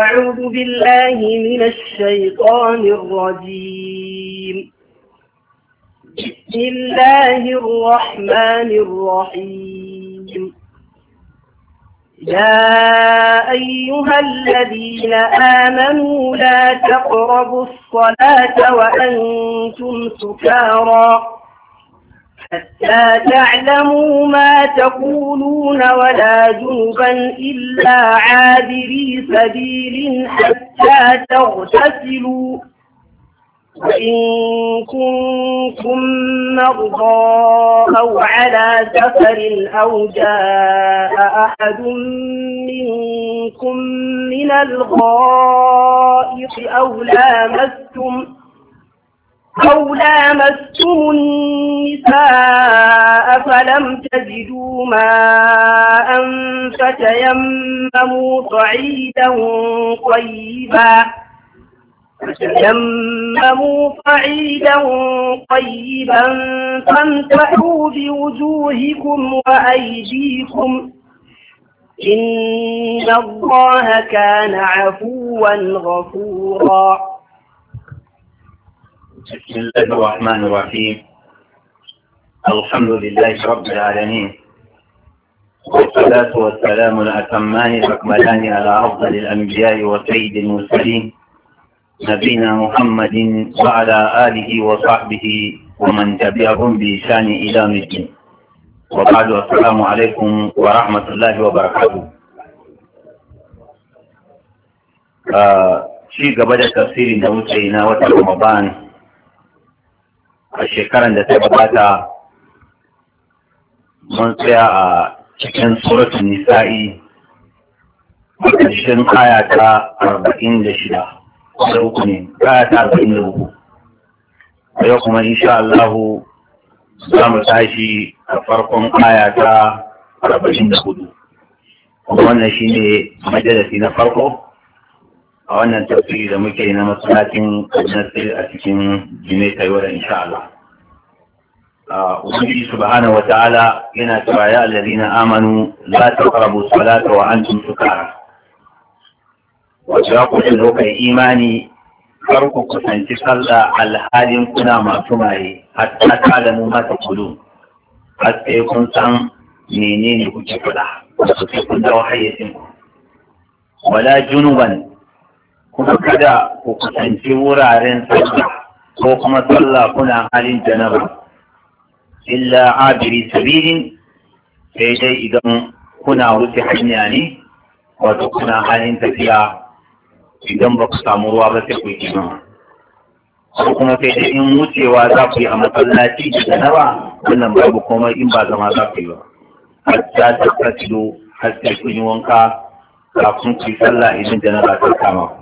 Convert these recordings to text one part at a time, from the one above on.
أعوذ بالله من الشيطان الرجيم بسم الله الرحمن الرحيم يا أيها الذين آمنوا لا تقربوا الصلاة وأنتم سكارى حتى تعلموا ما تقولون ولا جنبا إلا عابري سبيل حتى تغتسلوا وإن كنتم مرضى أو على سفر أو جاء أحد منكم من الغائط أو لامستم أو لامستم النساء فلم تجدوا ماء فتيمموا صعيدا طيبا فتيمموا صعيدا طيبا فامتحوا بوجوهكم وأيديكم إن الله كان عفوا غفورا بسم الله الرحمن الرحيم الحمد لله رب العالمين والصلاة والسلام الأتمان الأكملان على أفضل الأنبياء وسيد المرسلين نبينا محمد وعلى آله وصحبه ومن تبعهم بإحسان إلى الدين وبعد السلام عليكم ورحمة الله وبركاته آه شيء قبل التفسير نوتينا وتر رمضان a shekaran da ta gabata mun tsaya a cikin suratun nisa'i a ƙarshen kaya ta arba'in da shida da uku ne kaya ta arba'in da uku a yau kuma insha Allahu za mu tashi a farkon kaya ta arba'in da hudu wannan shi ne majalisi na farko a wannan tafiye da muke na masalacin nasir a cikin jimai kaiwa da insha Allah. ubangiji subhanahu wataala yana cewa ya allazina amanu la taqrabu salata wa antum sukara wato ya kuce lokacin imani kar ku kusanci sallah alhalin kuna masu maye hatta mu ma taqulun har sai kun san menene kuke faɗa wato sai kun dawo hayyacin ku wala junuban kuma kada ku kusanci wuraren sallah ko kuma sallah kuna halin janaba illa abiri sabilin sai dai idan kuna wuce hanya ne wato kuna halin tafiya idan ba ku samu ruwa ba sai ku yi ko kuma sai dai in wucewa za ku yi a masallaci da janaba wannan babu komai in ba zama za ku yi ba hatta ta kasido har kun yi wanka kafin ku yi sallah idan janaba ta kama ku.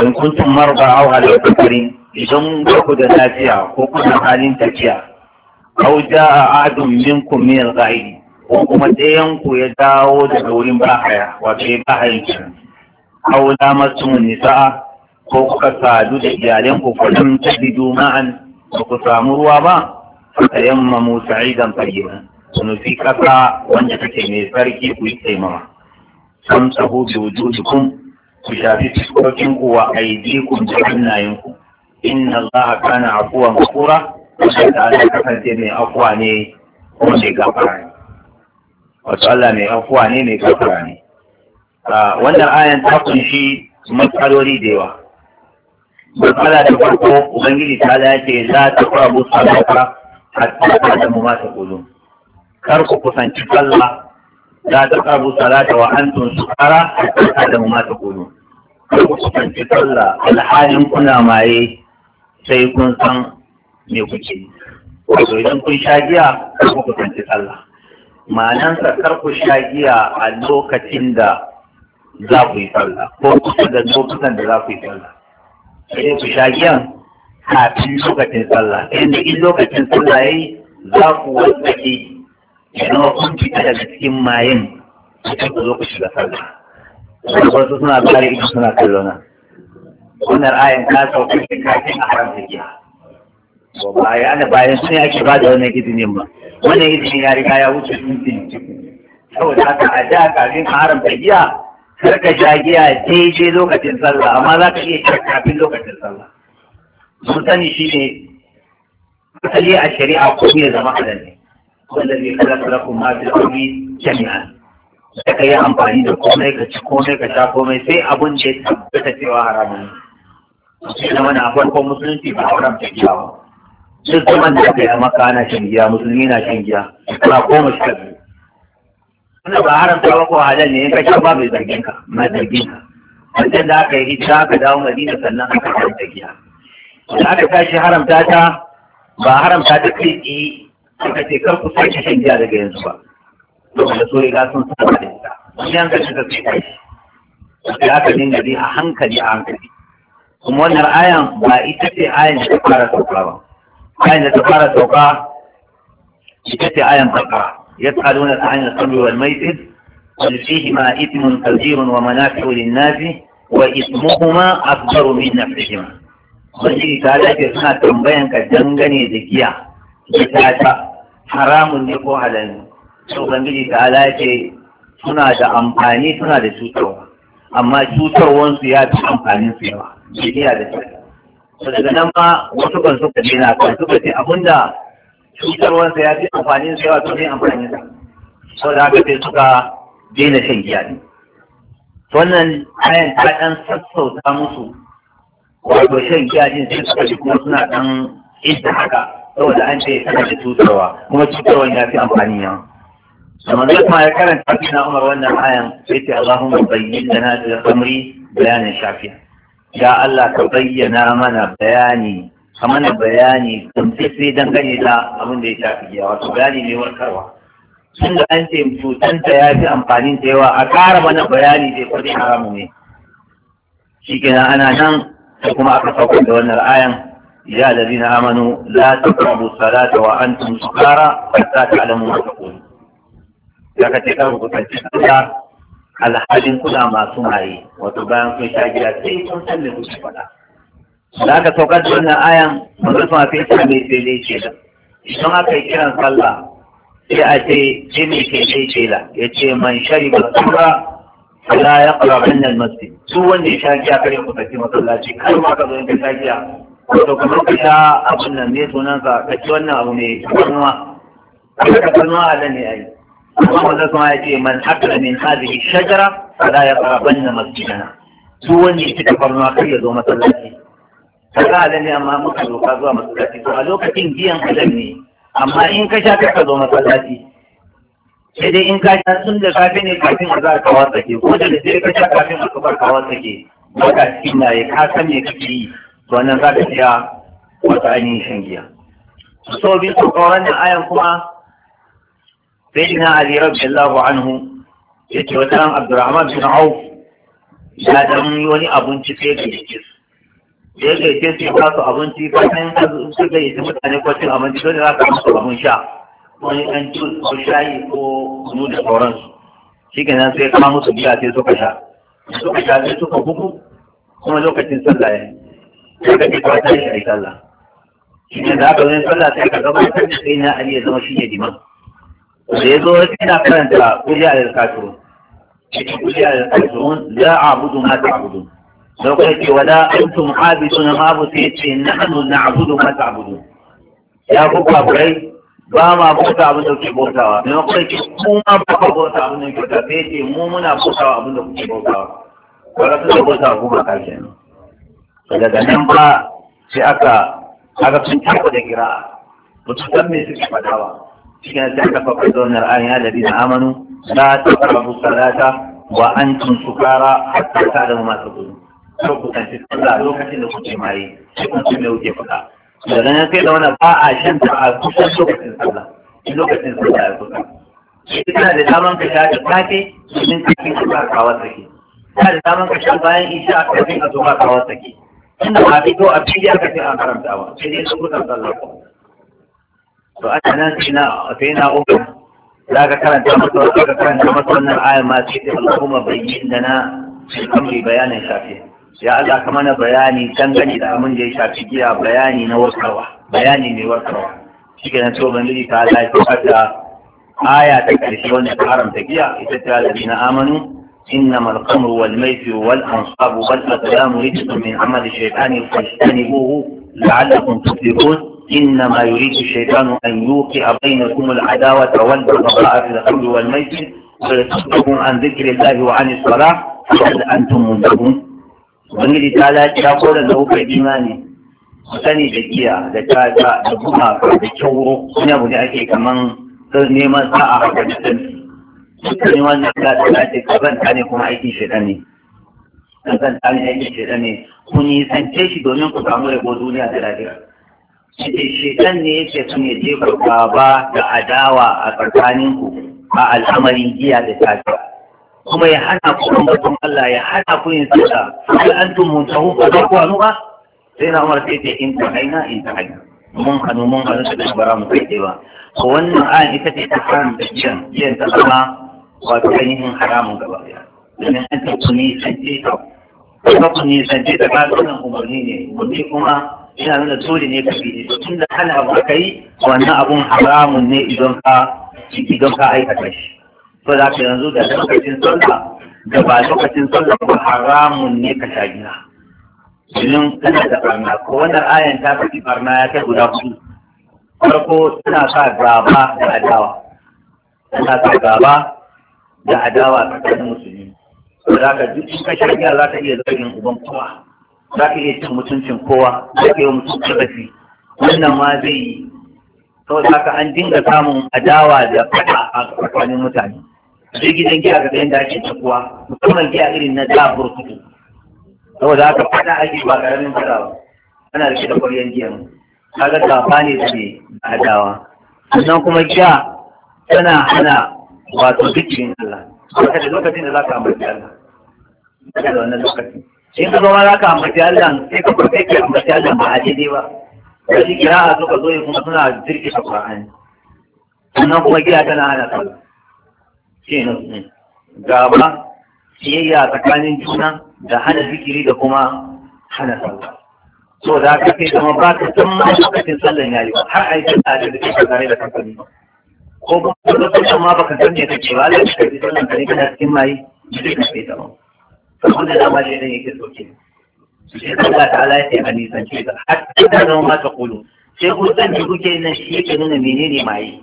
In kuntum marba au ala idan ku da lafiya ko kuna halin tafiya da jaa min ku min al ko kuma ɗayan ku ya dawo da wurin haya wato haya bahayin kenan da masu nisaa ko kuka sadu da iyalan ku ko lam tajidu ma'an ba ku samu ruwa ba fatayammamu sa'idan sunu fi kasa wanda take mai sarki ku yi taimama samsahu da wujudukun ku shafi fuskokin ku wa aidikum da hannayen ku inna Allah kana afuwan kura wanda ta ala kasance mai afuwa ne kuma mai gafara ne wato Allah mai afuwa ne mai gafara ne wannan ayan ta kunshi matsaloli da yawa matsala da farko ubangiji ta ala ce za ta fara musa gafara hatta ta da mu mata kulun kar ku kusanci sallah za ta fara musa salata wa antum sukara hatta ta da mu mata kulun kar ku kusanci sallah alhalin kuna maye sai kun san me kuke wato idan kun sha giya ku kusanci sallah ma'anansa kar ku sha giya a lokacin da za ku yi sallah ko kusa da lokutan da za ku yi sallah sai ku sha giyan kafin lokacin sallah inda in lokacin sallah yayi za ku wasake idan kun fita daga cikin mayin sai ku zo ku shiga sallah wasu suna bare ido suna kallona wannan ayan ta sauka kafin a haramta giya ba baya da bayan sun ake ba da wannan izinin ba wannan izinin ya riga ya wuce tuntun saboda haka a da kafin a haramta giya kar ka sha giya daidai lokacin sallah amma za ka iya sha kafin lokacin sallah mun sani shi ne asali a shari'a ko ne zama halal ne wanda zai kala kala kuma da kuma jami'an da ka yi amfani da komai ka ci komai ka sha komai sai abin da ya tabbata cewa haramun ne sai zama na farkon musulunci ba a ta giya ba duk zaman da aka yi a maka ana shan giya musulmi na shan giya shekara goma sha biyu wannan ba haram ta ba halal ne in ka sha ba mai zargin ka mai zargin ka wancan da aka yi hijira aka dawo madina sannan aka ta giya da aka tashi haramta ta ba haramta ta kai tsaye aka ce kar ku sake shan giya daga yanzu ba saboda so riga sun saba da ita wani yanka shi ka kai tashi sai aka dinga bi a hankali a hankali kuma wannan ayan ba ita ce ayan da ta fara sauka ba ayan da ta fara sauka ita ce ayan farka يسألون عن الخمر والميسر قل فيهما إثم wa ومنافع للناس وإثمهما أكبر ta dace suna tambayan ka dangane da giya da tata haramun ne ko halal ne. So Ubangiji ta dace suna da amfani suna da cutarwa, amma cutarwansu ya fi amfanin su yawa. bidiya da shi to daga nan ba wasu kan suka daina kan suka ce abinda cutarwarsa ya fi amfani sa yawa to ne amfani sa so da haka sai suka daina shan giya ne wannan ayan ta dan sassauta musu wato shan giya din sai suka ji kuma suna dan idda haka saboda an ce kana da cutarwa kuma cutarwar ya fi amfani yawa kamar zai kuma ya karanta na umar wannan ayan sai ce Allahumma bayyana lana da amri bayanin shafiya ya Allah ka bayyana mana bayani ka mana bayani sai dangane da abin da ya shafi giya wato bayani ne warkarwa tun da an ce cutanta ya fi amfanin ta yawa a ƙara mana bayani zai kudi haramu ne shi kenan ana nan ta kuma aka saukar da wannan ayan يا الذين آمنوا لا تقربوا الصلاة وأنتم سكارى حتى تعلموا ما تقولون. لكن تقربوا الصلاة alhalin kuna masu maye wato bayan sun sha giya sai sun san me suke faɗa da aka saukar da wannan ayan manzon sama sai ta mai sai dai ce idan aka yi kiran sallah sai a ce ce mai ke dai ce da ya ce man shari ba tura fala ya ƙarafin nan masjid su wanda ya sha giya kare ku tafi masallaci kar ma ka zo in ka sha giya wato kamar ka sha abin nan ne sunansa ka ci wannan abu ne kuma ka kalma a nan ne a yi amma da kuma ya ce man da min hadhihi shajara fala yaqrabanna masjidana duk wanda yake da farma kai ya zo masallaci kaga halin amma muka zo ka zuwa masallaci to a lokacin biyan adam ne amma in ka sha ka zo masallaci sai dai in ka sha sun da safe ne kafin a za ka watsa ke ko da sai ka sha kafin a kabar ka watsa ke ba ka cikin na ka san me kake yi to wannan za ka siya wata ainihin shan giya so bin su nan ayan kuma sayyidina ali radiyallahu anhu yace wata ran sai aka zai sallah sai ka gabatar na ali ya zama shi ne da ya zo yana karanta kuliya da kafirun cikin kuliya da kafirun la a'budu ma ta'budun sau kai ce wala antum abiduna ma abu sai ce nahnu na'budu ma ta'budun ya ku kafirai ba ma bauta abin da kuke bautawa me kuma ce mu ma ba ku bauta abin da kuke bautawa sai ce mu muna bautawa abin da kuke bautawa wala su da bauta ku ba karshe daga nan ba sai aka aka sun da kira mutum kan me suke fadawa cikin ta kafa fasonar ayin alabi na amanu la ta karbu salata wa an tun sukara hatta ta da masu kudu. ko ku tanci sallah lokacin da kuke maye shi kun da kuke fada Daga nan sai da wani ba a shan ta a kusan lokacin sallah lokacin sallah ya kusa ita da daman ka shafi safe domin kafin ka ba kawar sake ta da daman ka shafi bayan isha kafin a zo ba kawar sake inda ba fito a fili aka ce an karanta ba sai dai lokutan sallah to aka nan sai na uku za ka karanta masa wasu ka karanta masa wannan ma sai al'umma bayyin da na kamri bayanin shafi ya Allah ka mana bayani dangane da abin da ya shafi giya bayani na warkarwa bayani ne warkarwa shi ke nan ban liji ta Allah ya da aya ta karshe wanda ta haramta giya ita ta na amanu إنما الخمر والميسر والأنصاب والأقلام رجس من عمل الشيطان فاجتنبوه لعلكم تفلحون إنما يريد الشيطان أن يوقع بينكم العداوة والبغضاء في الخمر والميسر ويصدكم عن ذكر الله وعن الصلاة فهل أنتم منتهون ubangiji ta lafiya ko da zaukar imani ku sani da giya da tata da kuma da kyauro wani abu da ake kaman neman sa'a haka da tanti dukkan wannan ta ta lafiya kazanta ne kuma aikin ne aikin ne ku nisance shi domin ku samu rabo duniya da shekan ne yake son ya jefa gaba da adawa a tsakaninku a al'amarin giya da tafiya kuma ya hana ku ambaton Allah ya hana ku yin sada sai an tun muntahu ka za ku hannu ba sai na umar sai ta in ta haina in ta haina mun hannu mun hannu ta dashi bara mu kai ba ko wannan ayan ita ce ta da tafiyan yin ta zama wato ainihin haramun gaba ɗaya domin an ta kuni san ta kuma kuni san ta ba sunan umarni ne mutum kuma yana nuna dole ne ka bi ne tun da hana abu aka yi wannan abun haramun ne idan ka idan ka aikata shi to za ka yanzu da lokacin sallah da ba lokacin sallah ba haramun ne ka sha giya domin kana da barna ko wannan ayan ta fi barna ya kai guda hudu farko tana sa gaba da adawa tana sa gaba da adawa tsakanin musulmi za ka duk in ka sha za ka iya zargin uban kowa za ka iya cin mutuncin kowa za ka yi mutum karfafi wannan ma zai yi saboda haka an dinga samun adawa da fata a tsakanin mutane sai gidan giya ga da ake takuwa musamman giya irin na da burkutu saboda haka fata ake ba ƙaramin fata ba ana rike da kwaryan giya ga gaba ne da ne adawa sannan kuma giya tana hana wato dukkin Allah saboda lokacin da za ka amince Allah daga wannan lokacin in ka zama za ka ambaci Allah sai ka farko ke ambaci Allah ba a daidai ba ba shi kira a suka zo kuma suna jirki ta Qur'ani sannan kuma gida tana hana sallah shi ne mm. gaba siyayya tsakanin juna da hana zikiri da kuma hana sallah so da haka sai kuma ba ka san ma lokacin sallan yi ba har a ai sallah da kake tare da kanka ko ba ka san ma ba ka san ne kake ba Allah ya karbi sallan ka ne cikin mai da kake ta ba wanda da, shi ne yake soke shi Allah ta'ala ya ce a nisance ka hatta da zama ma ta kulu sai hutun da kuke nan shi yake nuna menene maye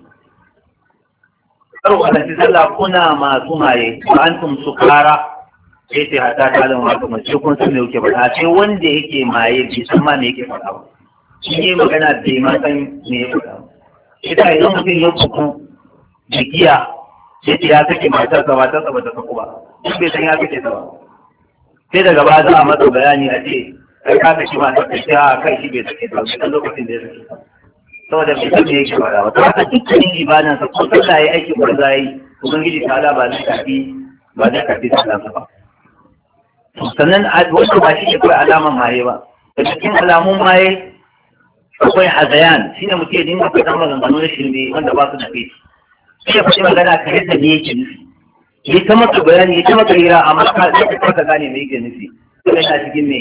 Karo ku alaji sallah kuna masu maye ba an tum su kara sai ce hatta ta zama ma kuma sai kun san me yake faɗa sai wanda yake maye bai san ma me yake faɗa ba shi ne magana bai ma san me yake faɗa ba yi idan mutum ya kuku jigiya sai ce ya sake matarsa matarsa ba ta saku ba duk bai san ya sake ta ba sai daga ba za a masa bayani a ce kai ka kashi ma ta kashi a kai shi bai sake ba, a lokacin da ya sake saboda bai sake yake ba ba to haka dukkanin ibadan sa ko sallah yayi aikin banza yayi ubangiji ta ala ba zai kafi ba zai kafi sallah ba sannan wasu ba shi kawai alaman maye ba da cikin alamun maye akwai hazayan shi ne mutum ya dinga fitar maganganu na shirme wanda ba su da fesi sai ya faɗi magana ka yadda ne yake nufi yi ta maka bayani ya ta maka hira amma da ta maka gane mai yake nufi yana cikin me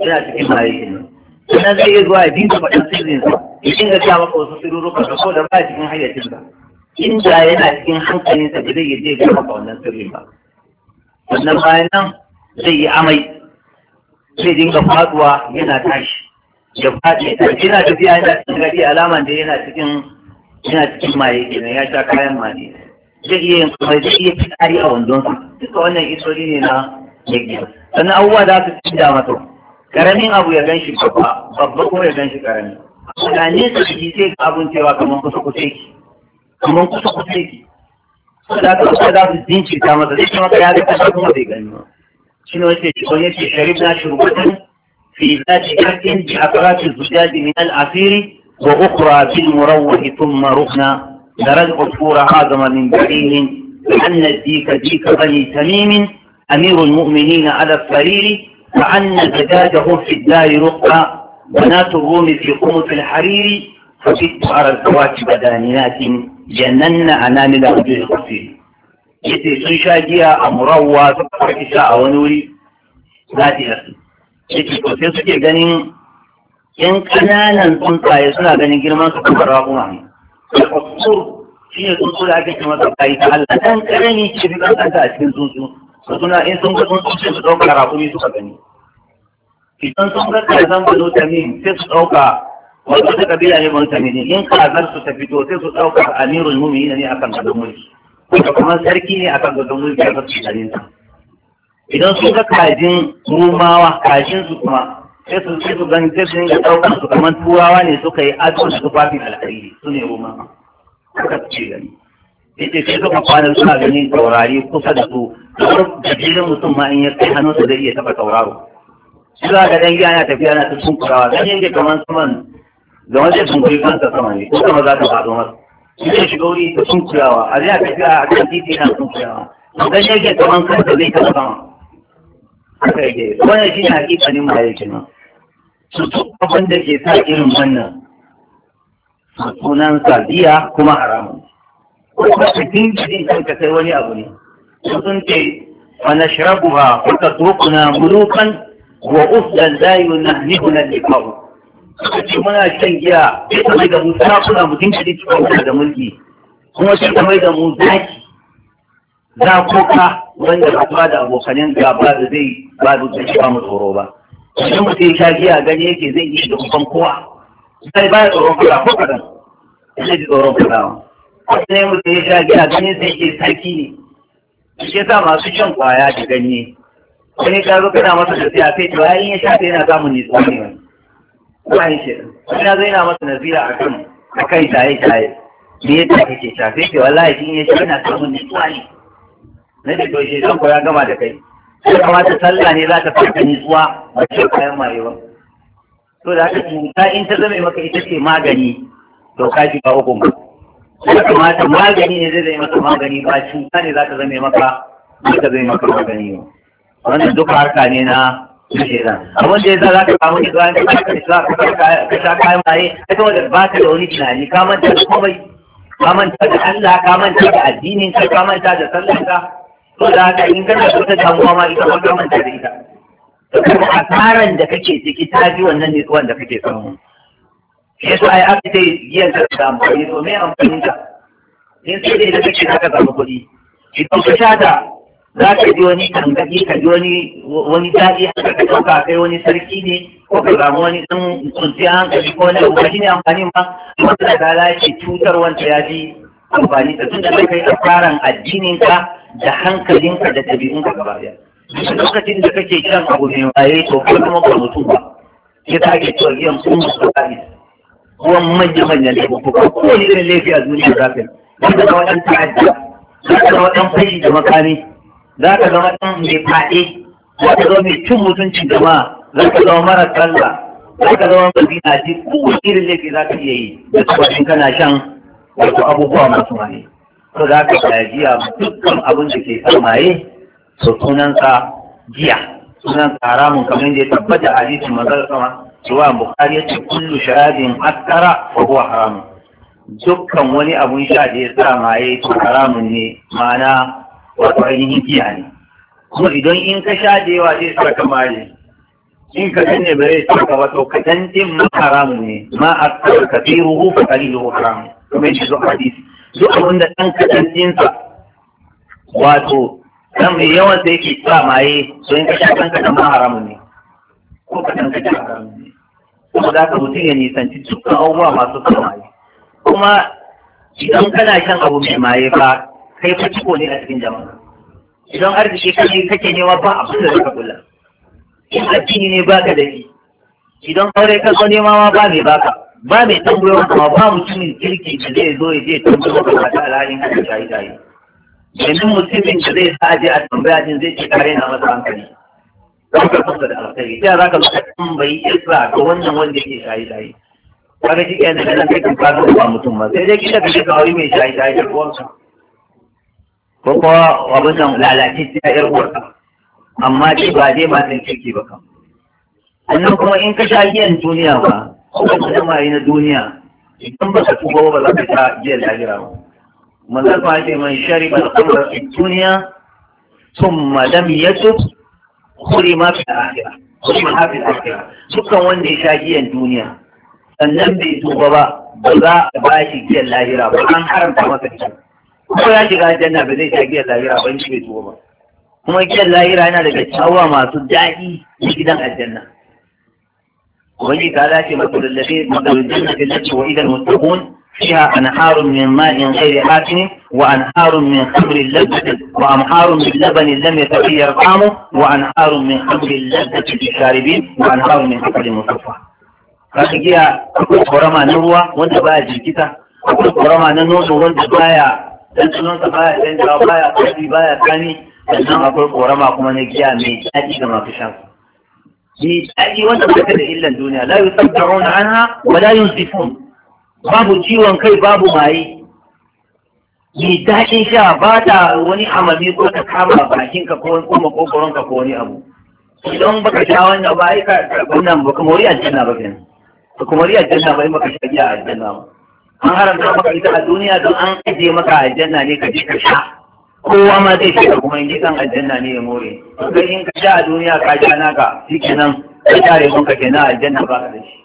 yana cikin maye kenan sannan zai iya zuwa ya dinga faɗin sirrinsa ya dinga ta maka wasu sirrurruka da ko ba ba cikin hayyacinsa inda yana cikin sa, ba zai iya je ga maka wannan sirrin ba Wannan bayan nan zai yi amai zai dinga faduwa yana tashi ya faɗi yana tafiya yana cikin gari alama da yana cikin yana cikin maye kenan ya sha kayan maye zai iya yin kuma zai iya cin ari a wandon wandonsa duka wannan isori ne na yaƙi sannan abubuwa da su cin mata karamin abu ya ganshi babba babba kuma ya ganshi karami da nesa da sai ga abun cewa kamar kusa kusa yake kamar kusa kusa yake saboda haka kusa za su jinkirta masa zai kuma ya ga kusa kuma bai gani ba shi ne wace shi wani ce sharif na shurbutan fi zaci kafin bi akrati zujadi min al-asiri wa ukhra bil murawwah thumma ruhna لرجع الصور هاجم من بعيد لأن الديك ديك بني تميم أمير المؤمنين على السرير فعن زجاجه في الدار رقى بنات الروم في قمة الحرير فجدت على الكواكب دانيات جنن أنامل وجوه قصير yace سنشاجية أمروى giya a ونوري ذاتي farki sha a wani wuri za ta yasu yace to سكبر suke ganin al shi ne tsuntsu da ake cewa tsakai ta Allah dan karami ce da kan a cikin tsuntsu su suna in sun ga tsuntsu sai su dauka rakumi suka gani idan sun ga kazan bano tamin sai su dauka wato ta kabila ne bano tamin in kazar su ta fito sai su dauka amirul mu'minin ne akan gadon mulki ko kuma sarki ne akan gadon mulki a cikin garin idan sun ga kajin rumawa kajin su kuma sai su sai su gan sai su dinga ɗaukar su kamar turawa ne suka yi ado da tufafin alkhairi su ne roma suka ce gani yace sai suka kwana suna ganin taurari kusa da su kamar gajirin mutum ma in ya kai hannunsa zai iya taɓa tauraro suna ga dangi ana tafiya na ta kurawa, ganin yake kamar saman zaman zai sunkuri kansa sama ne ko kama za ta faɗo masa zai shiga wuri ta sunkurawa a zai tafiya a kan titi na sunkurawa ganin yake kamar kansa zai taɓa sama haka yake wannan shi ne hakikanin mahaifin nan su duk abin da ke sa irin wannan sunan sadiya kuma haramun ko kuma ka dinga jin ka kai wani abu ne sun ce wa nashrabuha wa tatrukuna mulukan wa ufdan la yunahnihuna liqa'u ce, muna shan giya sai mai da mu kuna mu dinga jin kanka da mulki kuma sai ka mai da mu zaki zakoka wanda ba da abokanin gaba da zai ba da shi ba mu tsoro ba Wajen mutum ya sha giya gani yake zai iya da kusan kowa sai ba ya tsoron fada ko kadan zai ji tsoron fadawa Wajen ne mutum ya sha giya gani sai ke sarki ne shi sa masu shan kwaya da ganye wani ka zo kana masa da siya sai to yayin ya sha sai yana samun nisa ne wani kuma yin shi wani ya zo yana masa nazira a kan a kan shaye shaye me ya tafi ke shafe? sai wallahi shi ya sha yana samun nisa ne na ce to shi zan kwaya gama da kai sai kamata sallah ne za ta fara nutsuwa ba ce kayan maye ba to da haka cuta in ta zama maka ita ce magani to ka shiga hukun ba ya kamata magani ne zai zai maka magani ba cuta ne za ta zama maka ba ta zama maka magani ba wannan duka harka ne na kenan abin da ya za ka samu ne bayan ka sha ka sha kayan maye ka kuma da ba ka da wani tunani ka manta da komai ka manta da Allah ka manta da addinin ka ka manta da sallar ka to da haka in kana so ta damuwa ma ita ma manta da ita da asaran da kake ciki ta ji wannan ne da kake samu sai su ai aka ce yin ta da amfani to me amfani ka in sai dai da kake haka zama kuɗi idan ka shata za ka ji wani tangaɗi ka ji wani wani daɗi haka ka ka, kai wani sarki ne ko ka samu wani ɗan kwanciyar hankali ko wani abu ne amfani ma wanda ta lalace cutar wanda ya ji amfani da tun da kai a tsarin addinin ka da hankalinka da ɗabi'unka gaba ɗaya lokacin da kake shan abu mai waye to ko kuma ba mutum ba ya kage cewa yan kuma ba kai ruwan manya manyan da ko ko ne irin laifi a duniya za ka yi da wadan ta'adda za ka zama dan fashi da makami za ka zama dan mai fade za ka zama mai cin mutuncin jama'a za ka zama mara sallah za ka zama mazina ji ko irin laifi za ka iya yi da tsawon kana shan wato abubuwa masu mani ko za ka ga jiya dukkan abin da ke samaye maye sunan sa jiya sunan haramun kamar da ya tabbata a hadisin manzon sama ruwa bukari ya ce kullu sharabin askara wa huwa haramun dukkan wani abun sha da ya sa maye to haramun ne ma'ana wato ainihin jiya ne kuma idan in ka sha da yawa zai saka maye in ka ne bare zai ka wato ka din ma haramun ne ma askara ka fa da haramun kamar yadda zo hadisi duk abin da ɗan kaɗancinsa wato ɗan mai yawan da yake sa maye so in kashe ɗan kaɗan ma haramun ne ko kaɗan kaɗan haramun ne kuma za ka mutum ya nisanci dukkan abubuwa masu sa maye kuma idan kana shan abu mai maye ba kai fa ciko ne a cikin jama'a idan arziki kake kake nema ba abin da zaka kula in addini ne baka da shi idan aure ka zo nema ma ba mai baka ba mai tambayo kuma ba mutumin kirki da zai zo ya je tambayo kuma ta alhalin hada shayi shayi domin mutumin da zai sa je a tambaya din zai ce kare na masa hankali za ka kusa da alkhairi sai za ka zo ka tambayi isra ga wannan wanda yake shayi shayi kaga shi kenan da kai kan fara ba mutum ba sai dai kida ka ga wani mai shayi shayi da kowansa ko kuma abin nan lalace ta yar uwarka amma dai ba dai matan kirki ba kam annan kuma in ka sha giyan duniya ba kuma da mai na duniya idan ba ka tuba ba za ka ta jiya lahira ba manzal fa ce man shariba al-qamra fi dunya thumma lam yatub khurima fi al-akhirah khurima fi al-akhirah dukkan wanda ya sha giyan duniya sannan bai tuba ba ba za a ba shi giyan lahira ba an haramta masa giya Kuma ya shiga janna ba zai sha giyan lahira ba in bai tuba ba kuma giyan lahira yana daga cewa masu daɗi na gidan aljanna وبيك على مثل الذي مثل الجنة التي وإذا المتقون فيها أنهار من ماء غير آكل وأنهار من خمر لذة وأنهار من لبن لم يتغير طعمه وأنهار من خمر لذة للشاربين وأنهار من عسل مصفى فأجيها أكل قرما نروى وانت بقى جلكتا أكل قرما ننوز وانت بايا تنسلون تبايا تنسلون بايا تنسلون بايا تاني sannan akwai korama kuma na giya mai daɗi ga masu shan mai daɗi wanda ba da illan duniya la yusaddauna anha wa la yunzifun babu ciwon kai babu maye mai daɗin sha ba ta wani amami ko ta kama bakinka ko kuma ko wani abu idan baka sha wannan ba ai ka wannan baka mori aljanna ba kenan baka mori aljanna ba in baka sha an haramta maka ita a duniya don an ajiye maka aljanna ne ka sha kowa ma zai shiga kuma in gidan aljanna ne ya more kai in ka sha a duniya ka sha naka shi kenan ka tare mun ka kenan aljanna ba ka da shi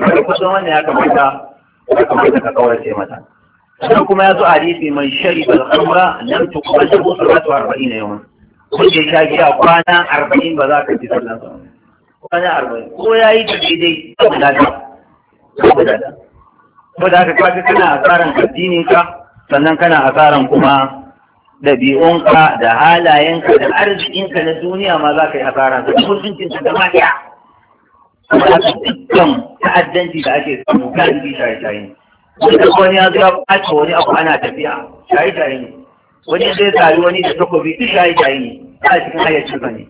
kai kusan wannan ya kamata ya kamata ka ce mata sannan kuma ya zo a hadisi mai shari bal ta lam tuqbal lahu arba'in na yawan kun je sha giya kwana arba'in ba za ka ci sallan ba kwana arba'in ko yi ta daidai saboda da ko da saboda haka kaga kana tsarin addinin ka sannan kana a tsarin kuma ɗabi'unka da halayenka da arzikinka na duniya ma za ka yi asara da mutuncinka da mafiya da dukkan ta'addanci da ake samu kan bi shaye-shaye wanda wani ya zuwa kwace wani abu ana tafiya shaye-shaye ne wani zai tsari wani da takobi su shaye-shaye ne a cikin hayyacin ba ne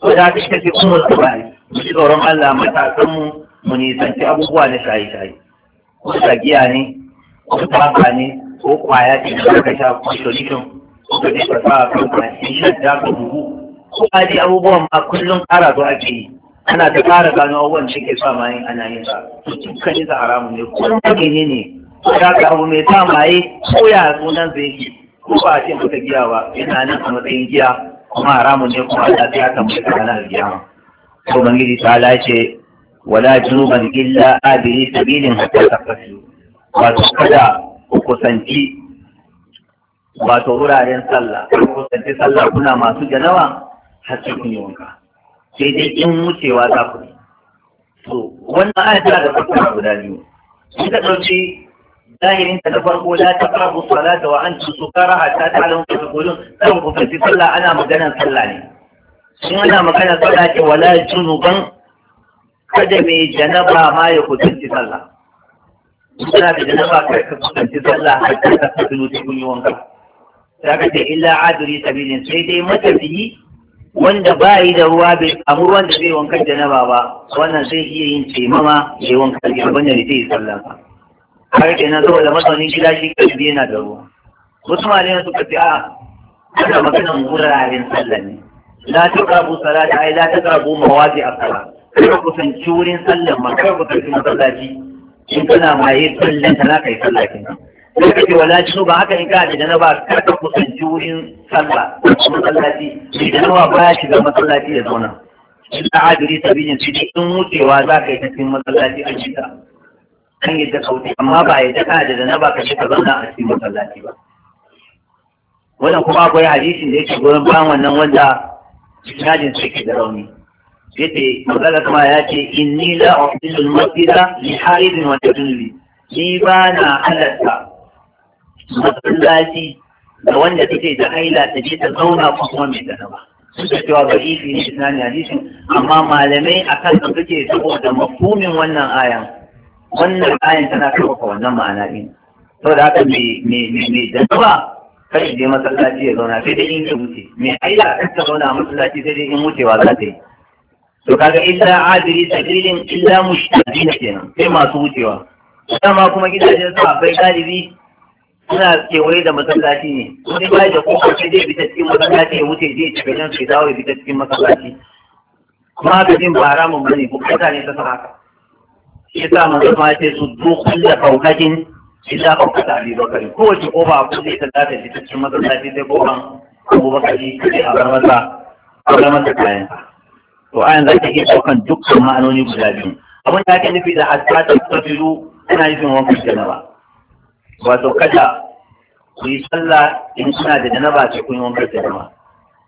ko da ka shafi umar ne mu ji tsoron Allah matasanmu mu nisanci abubuwa na shaye-shaye ko tsakiya ne ko tsaka ne ko kwaya ce da aka sha ko kudi je ka sa kan kwanci da ka dubu ko a ji abubuwan ma kullum ƙara zuwa ake yi ana ta ƙara gano abubuwan shi ke sa mayin ana yin sa dukkan a haramun ne kullum magani ne Da ka abu mai sa maye ko ya nan zai yi ko ba a ce maka giya ba yana nan a matsayin giya kuma haramun ne kuma Allah ta kan mai kana da giya ko bangiji ta lace wala junuban illa abiri sabilin hatta tafasilu wato kada ku kusanci wato wuraren sallah ko tsanci sallah kuna masu janawa har sai kun yi wanka sai dai in wucewa za ku yi to wannan aya tana da fuska guda biyu in ka ɗauki zahirin ta na farko la ta fara musala da wa an ci su kara hatta ta halin ku su gudun kan ku sallah ana maganar sallah ne in ana maganar sallah ce wala junuban kada mai janaba ma ya kusanci sallah suna da janaba kai ka kusanci sallah hatta ta kusanci kun yi wanka za ka ce illa adiri sabilin sai dai matafiyi wanda ba yi da ruwa bai samu ruwan da zai wankan da na baba wannan zai iya yin taimama ya yi wankan da abin da zai yi sallah ba har ke nan saboda masanin gida shi kan biye na da ruwa wasu malayan suka ce a ana maganan wuraren sallah ne la taqrabu salata ai la taqrabu mawadi a salah kada ku sanci wurin sallah ma kar ku sanci masallaci in kana maye sallah kana kai sallah kenan sai kake wala jinu ba haka in ka da na ba kar ka kusanci wurin sallah masallaci mai jana ba baya shiga masallaci ya zauna da ta adiri sabilin su in wucewa za ka yi cikin masallaci a shiga an yadda kauti amma ba yadda ka da na ba ka shiga zauna a cikin masallaci ba wannan kuma akwai hadisin da yake gurin ban wannan wanda sinadin su yake da rauni yace magana kuma ya ce inni la uhillu al-masjida li haridin wa tajunubi ni ba na halatta masallaci da wanda take da haila ta je ta zauna ko kuma mai gana ba suka cewa ba ifi ne tunani hadisin amma malamai a kan da suke saboda mafumin wannan ayan wannan ayan tana karfafa wannan ma'ana din saboda haka mai mai ba kai je masallaci ya zauna sai dai in ya wuce mai haila kan ta zauna a masallaci sai dai in wucewa za ta yi to kaga illa adiri sabilin illa mushtadina kenan sai masu wucewa dama kuma gidajen su akwai galibi suna kewaye da masallaci ne wani ba da kofar sai zai bita cikin masallaci ya wuce zai ci gajen su dawo ya bita cikin masallaci kuma haka jin ba haramun bane ko kota ne ta sa haka shi sa manzo ma ce su dukkan da kaukakin kuka ta bi bakari kowace kofa ko zai ta zata bita cikin masallaci sai kofan abubakar shi sai a bar masa a bar masa kayan to a yanzu ake iya ɗaukan dukkan ma'anoni guda biyu abin da ake nufi da hatta ta tafiru ana nufin wankan jama'a wato kada ku yi sallah in suna da janaba sai kun yi wanka janaba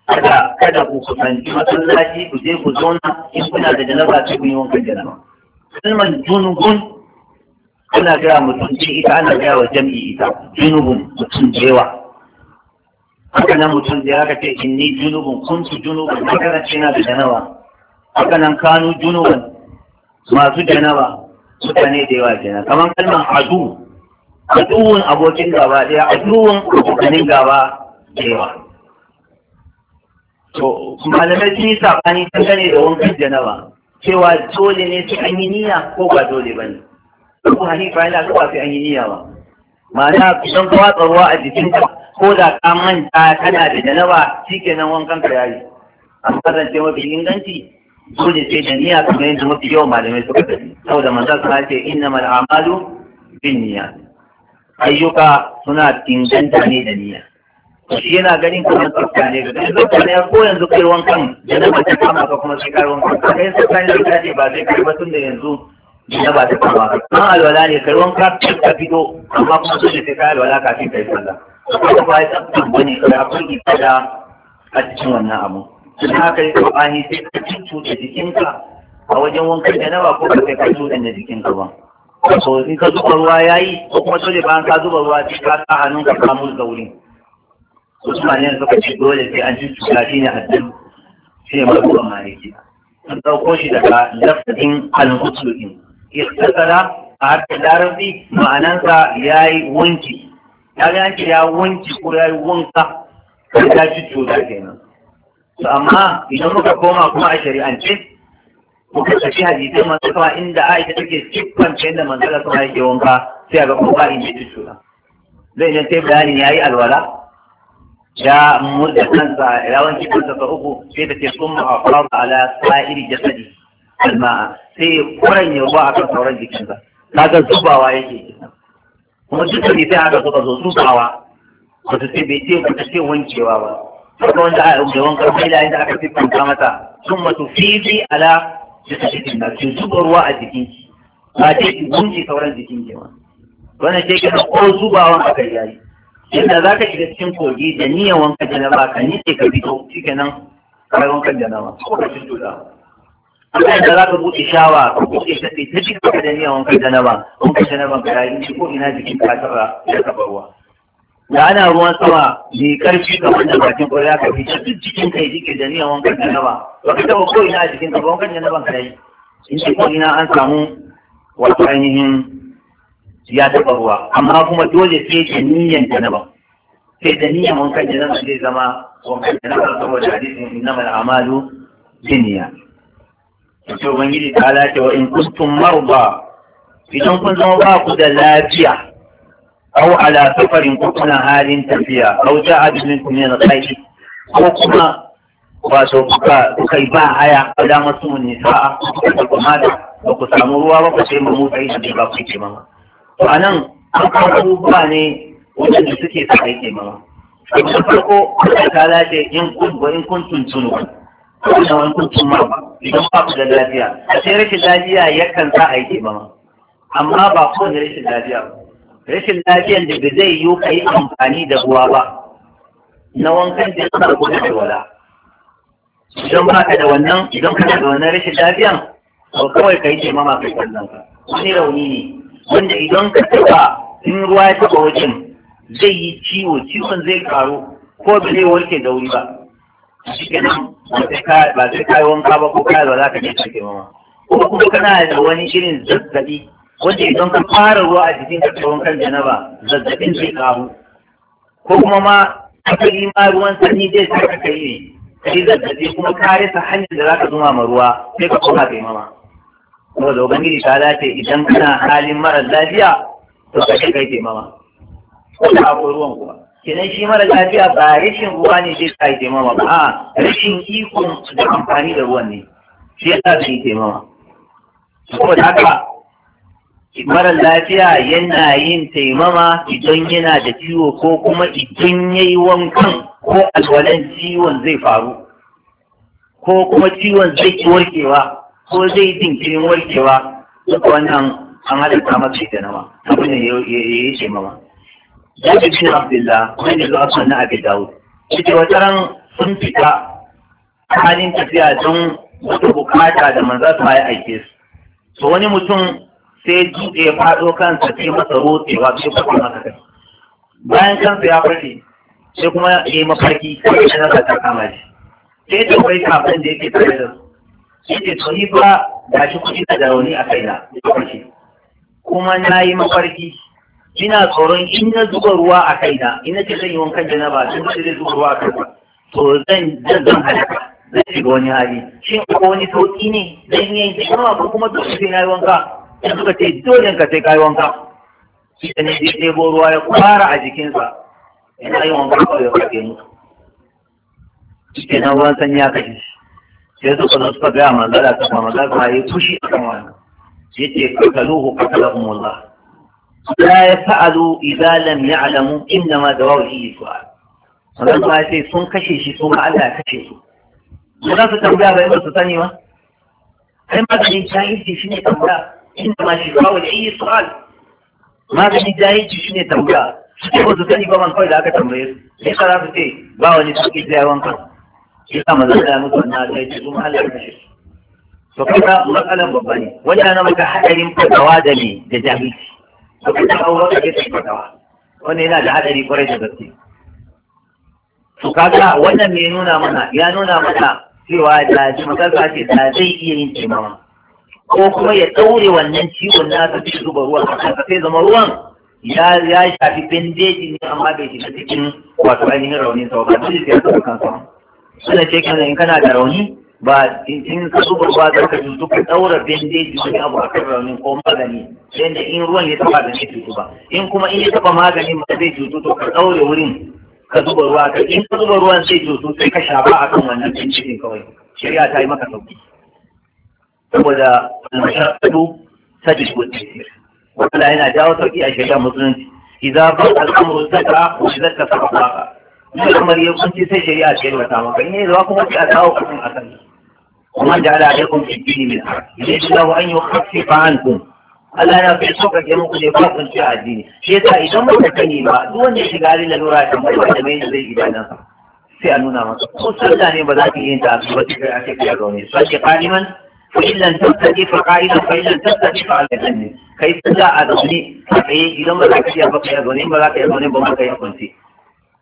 kada kada ku kusanci masallaci ku je ku zauna in kuna da janaba sai kun yi wanka janaba kalman junubun ana gaya mutum ce ita ana gaya wa jam'i ita junubun mutum jewa haka nan mutum da haka ce inni junubun kuntu junubun magana ce na da janaba haka nan kanu junubun masu janaba mutane da yawa kenan kamar kalman adu A aduwun abokin gaba daya aduwun abokanin gaba daya to malamai sun yi sabani dangane da wankan janaba cewa dole ne su an yi niyya ko ba dole ba ne ko bayan da zuwa sai an yi niyya ba ma'ana kusan ka tsaruwa a jikinka ko da ka manta kana da janaba shikenan wankan ka yayi zan ce mafi inganci dole sai da niyya kuma yanzu mafi yawan malamai suka tafi saboda manzo sun ce innamal a'malu niyya ayyuka suna inganta ne da niyya shi yana ganin kamar tsafta ne ga ganin tsafta ne ko yanzu kai wankan da na ta kama ka kuma sai kai wankan ka kai tsafta ne da ce ba zai kai ba tun da yanzu da ba ta kama an alwala ne kai wanka ka fito amma kuma sun da sai kai alwala kafin kai sallah kuma ba ya tsafta ba ne kai akwai ibada a cikin wannan abu sun haka yi tsafani sai ka cuta jikinka a wajen wankan da nawa ba ko ka sai ka cuta jikinka ba wato in ka zuba ruwa ya yi ko kuma dole bayan ka zuba ruwa sai ka sa hannun ka samu da wuri usman ne suka ce dole sai an ci cuta shi ne haddin shi ne mazhaban maliki an ɗauko shi daga lafazin al-usul din ikhtasara a harkar larabci ma'anansa ya yi wanki ya ga yanki ya wanki ko ya yi wanka ko ya ci cuta kenan amma idan muka koma kuma a shari'ance muka tafi hadisai masu kawa inda aisha take cikin yadda manzala kuma yake wanka sai a ga kuma in ji juna zai nan sai bayanin ya yi alwala ya murda kansa rawan cikin sa uku sai ta ce sun ma'afara ala sa'iri jasadi alma'a sai kuran ya ruwa akan sauran jikinsa kaga zubawa yake kuma duk ne sai aka zuba zo zubawa ba su ce bai ce ba ta ce wankewa ba wanda a wankan mai da aka siffanta mata sun matu fifi ala ya cikin kinna ki zuba ruwa a jikin ki ba ce ki gunji sauran jikin ki ma wannan ce kina ko zubawan aka yayi inda za ka shiga cikin kogi da niyan wanka janaba ka ni ce ka fito nan karar wankan janaba ko ka fito da Allah yadda za ka buɗe shawa ka buɗe shaɗe ta cikin ka da niyan wankan janaba wankan janaba ka yayi ko ina jikin ka taɓa ya taɓa ruwa da ana ruwan sama mai karfi ga wanda bakin kwarai aka fi duk cikin kai jike da niyan wankan janaba ba ka taba ko ina a jikin ka ba wankan janaban ka yi in ce ko ina an samu wato ainihin ya taba ruwa amma kuma dole sai da niyan janaba sai da niyan wankan janaba zai zama wankan janaba saboda hadisin innamal al'amalu binniya to ubangiji ta lace wa in kuntum marba idan kun zama ba ku da lafiya أو على سفر كنا halin tafiya أو جاء منكم من الخير ko kuma wato kuka kuka ba haya ko da masu mun nisa ko kuma da ba ku samu ruwa ba ku sai mu sai da ba ku ke mama to anan an kawo ba ne wanda suke sa kai ke mama to farko ta lace in idan lafiya sai rashin lafiya yakan sa amma ba kowane rashin lafiya rashin lafiyan da ba zai yi ka yi amfani da ruwa ba na wankan da suna kuma da wala idan ba ka da wannan idan ka da wannan rashin lafiyan to kawai ka yi taimama kai kallon ka wani rauni ne wanda idan ka taɓa in ruwa ya taɓa wajen zai yi ciwo ciwon zai karu ko ba zai warke da wuri ba shi nan ba sai ka yi wanka ba ko ka yi wala ka ce ka taimama ko kuma kana da wani irin zazzabi wanda idan ka fara ruwa a jikin ka tsawon kan janaba zazzabin zai kawo ko kuma ma asali ma ruwan sanyi zai sa ka kai ne kai zazzabi kuma ka rasa hanyar da za ka zuma ma ruwa sai ka kuma kai mama da ubangiji ta dace, idan kana halin mara lafiya to ka kai kai mama ko da akwai ruwan kuma kenan shi mara lafiya ba rashin ruwa ne zai sa ya taimama ba rashin ikon da amfani da ruwan ne shi yasa zai taimama saboda haka mara lafiya yana yin taimama idan yana da ciwo ko kuma idan ya yi wankan ko alwalen ciwon zai faru ko kuma ciwon zai ki warkewa ko zai jinkirin warkewa duk wannan an halitta masu ita nama abin da ya yi taimama Jabir bin Abdullah wani zuwa a na Abi Dawud ita wata ran sun fita halin tafiya don wata bukata da manzata ya aike su to wani mutum sai dutse ya faɗo kansa ce masa ba su faɗi masa kai bayan kansa ya faɗi sai kuma ya yi mafarki sai ya nasa ta kama sai ta kai kafin da yake tare da su sai ce to yi ba da shi kuɗi da rauni a na kuma na yi mafarki ina tsoron in na zuba ruwa a kai na, ina ce zan yi wankan ba sun ce zai zuba ruwa a ba to zan zan zan halaka zan shiga wani hali shin akwai wani sauƙi ne zan yi yanki kuma kuma duk sai na yi wanka sai suka ce dole ka sai kayi wanka shi ne ya ɗebo ruwa ya fara a jikinsa yana yin wanka ko ya kake mutu shi ke nan ruwan sanyi ya kashe shi sai suka zo suka gaya manzala ta kuma manzala ta yi fushi a kan wannan ya ce kakaluhu kakalahumullah ya alamu إذا لم ma إنما دواء yi سؤال wannan ba sai sun kashe shi ma Allah ya kashe su ba za su tambaya ba yadda su sani ba sai maganin yi shi ne tambaya عندما يقول اي سؤال ما بني جاي تشني تمكا هو زكاني بمن قوي لاك تمرير ليس على بتي باو ني تشكي جاي وانك يسا مدرسة مدرسة جاي تشكو محل المشي فكرة مسألة مباني وجه انا مكا حتى يمكا توادني جاجابيتي فكرة او وقت كتك بتوا وني انا جاحت لي قريجة بتي فكرة وانا مينونا منا يانونا منا في واحد لاجي مكا الفاتي لا زي ايه انت ماما ko kuma ya ɗaure wannan ciwon nasa fi zuba ruwan a kan sai zama ruwan ya ya shafi bandeji ne amma bai shiga cikin wato ainihin raunin sa ba dole sai ya zuba kansa suna ce kana in kana da rauni ba in ka zuba ruwa za ka ji duka ɗaura bandeji wani abu a kan raunin ko magani da in ruwan ya taba da shi cutu ba in kuma in ya taba maganin ma zai cutu to ka ɗaure wurin ka zuba ruwa ka in ka zuba ruwan sai cutu sai ka shafa a kan wannan cikin kawai shari'a ta yi maka sauki saboda المشاقب تجد والتكبير وقال هنا جاوتك يا شيخ مسلم اذا ضل الامر الذكر واذا كسر الاخر يقول لك انت سجل يا شيخ وسامه فان ادراكم انت اتاوكم اتاوكم وما جعل عليكم في الدين من حرج يجب له ان يخفف عنكم الا انا في صفك يا مقل يفرق انشاء الدين شيخ اذا ما تكني ما دون شغال الا نورا كم واحد ما ينزل الى نصر في انونا مصر وصلنا ان بدات انت اصبحت في عشق يا دوني فاتي قادما فإن لم تستطيع فقائلا فإن لم تستطيع فعلى الجنة كي تجا أدوني فإيه إذا ما لك يا بقي أدوني ما لك أدوني بما كي أكونتي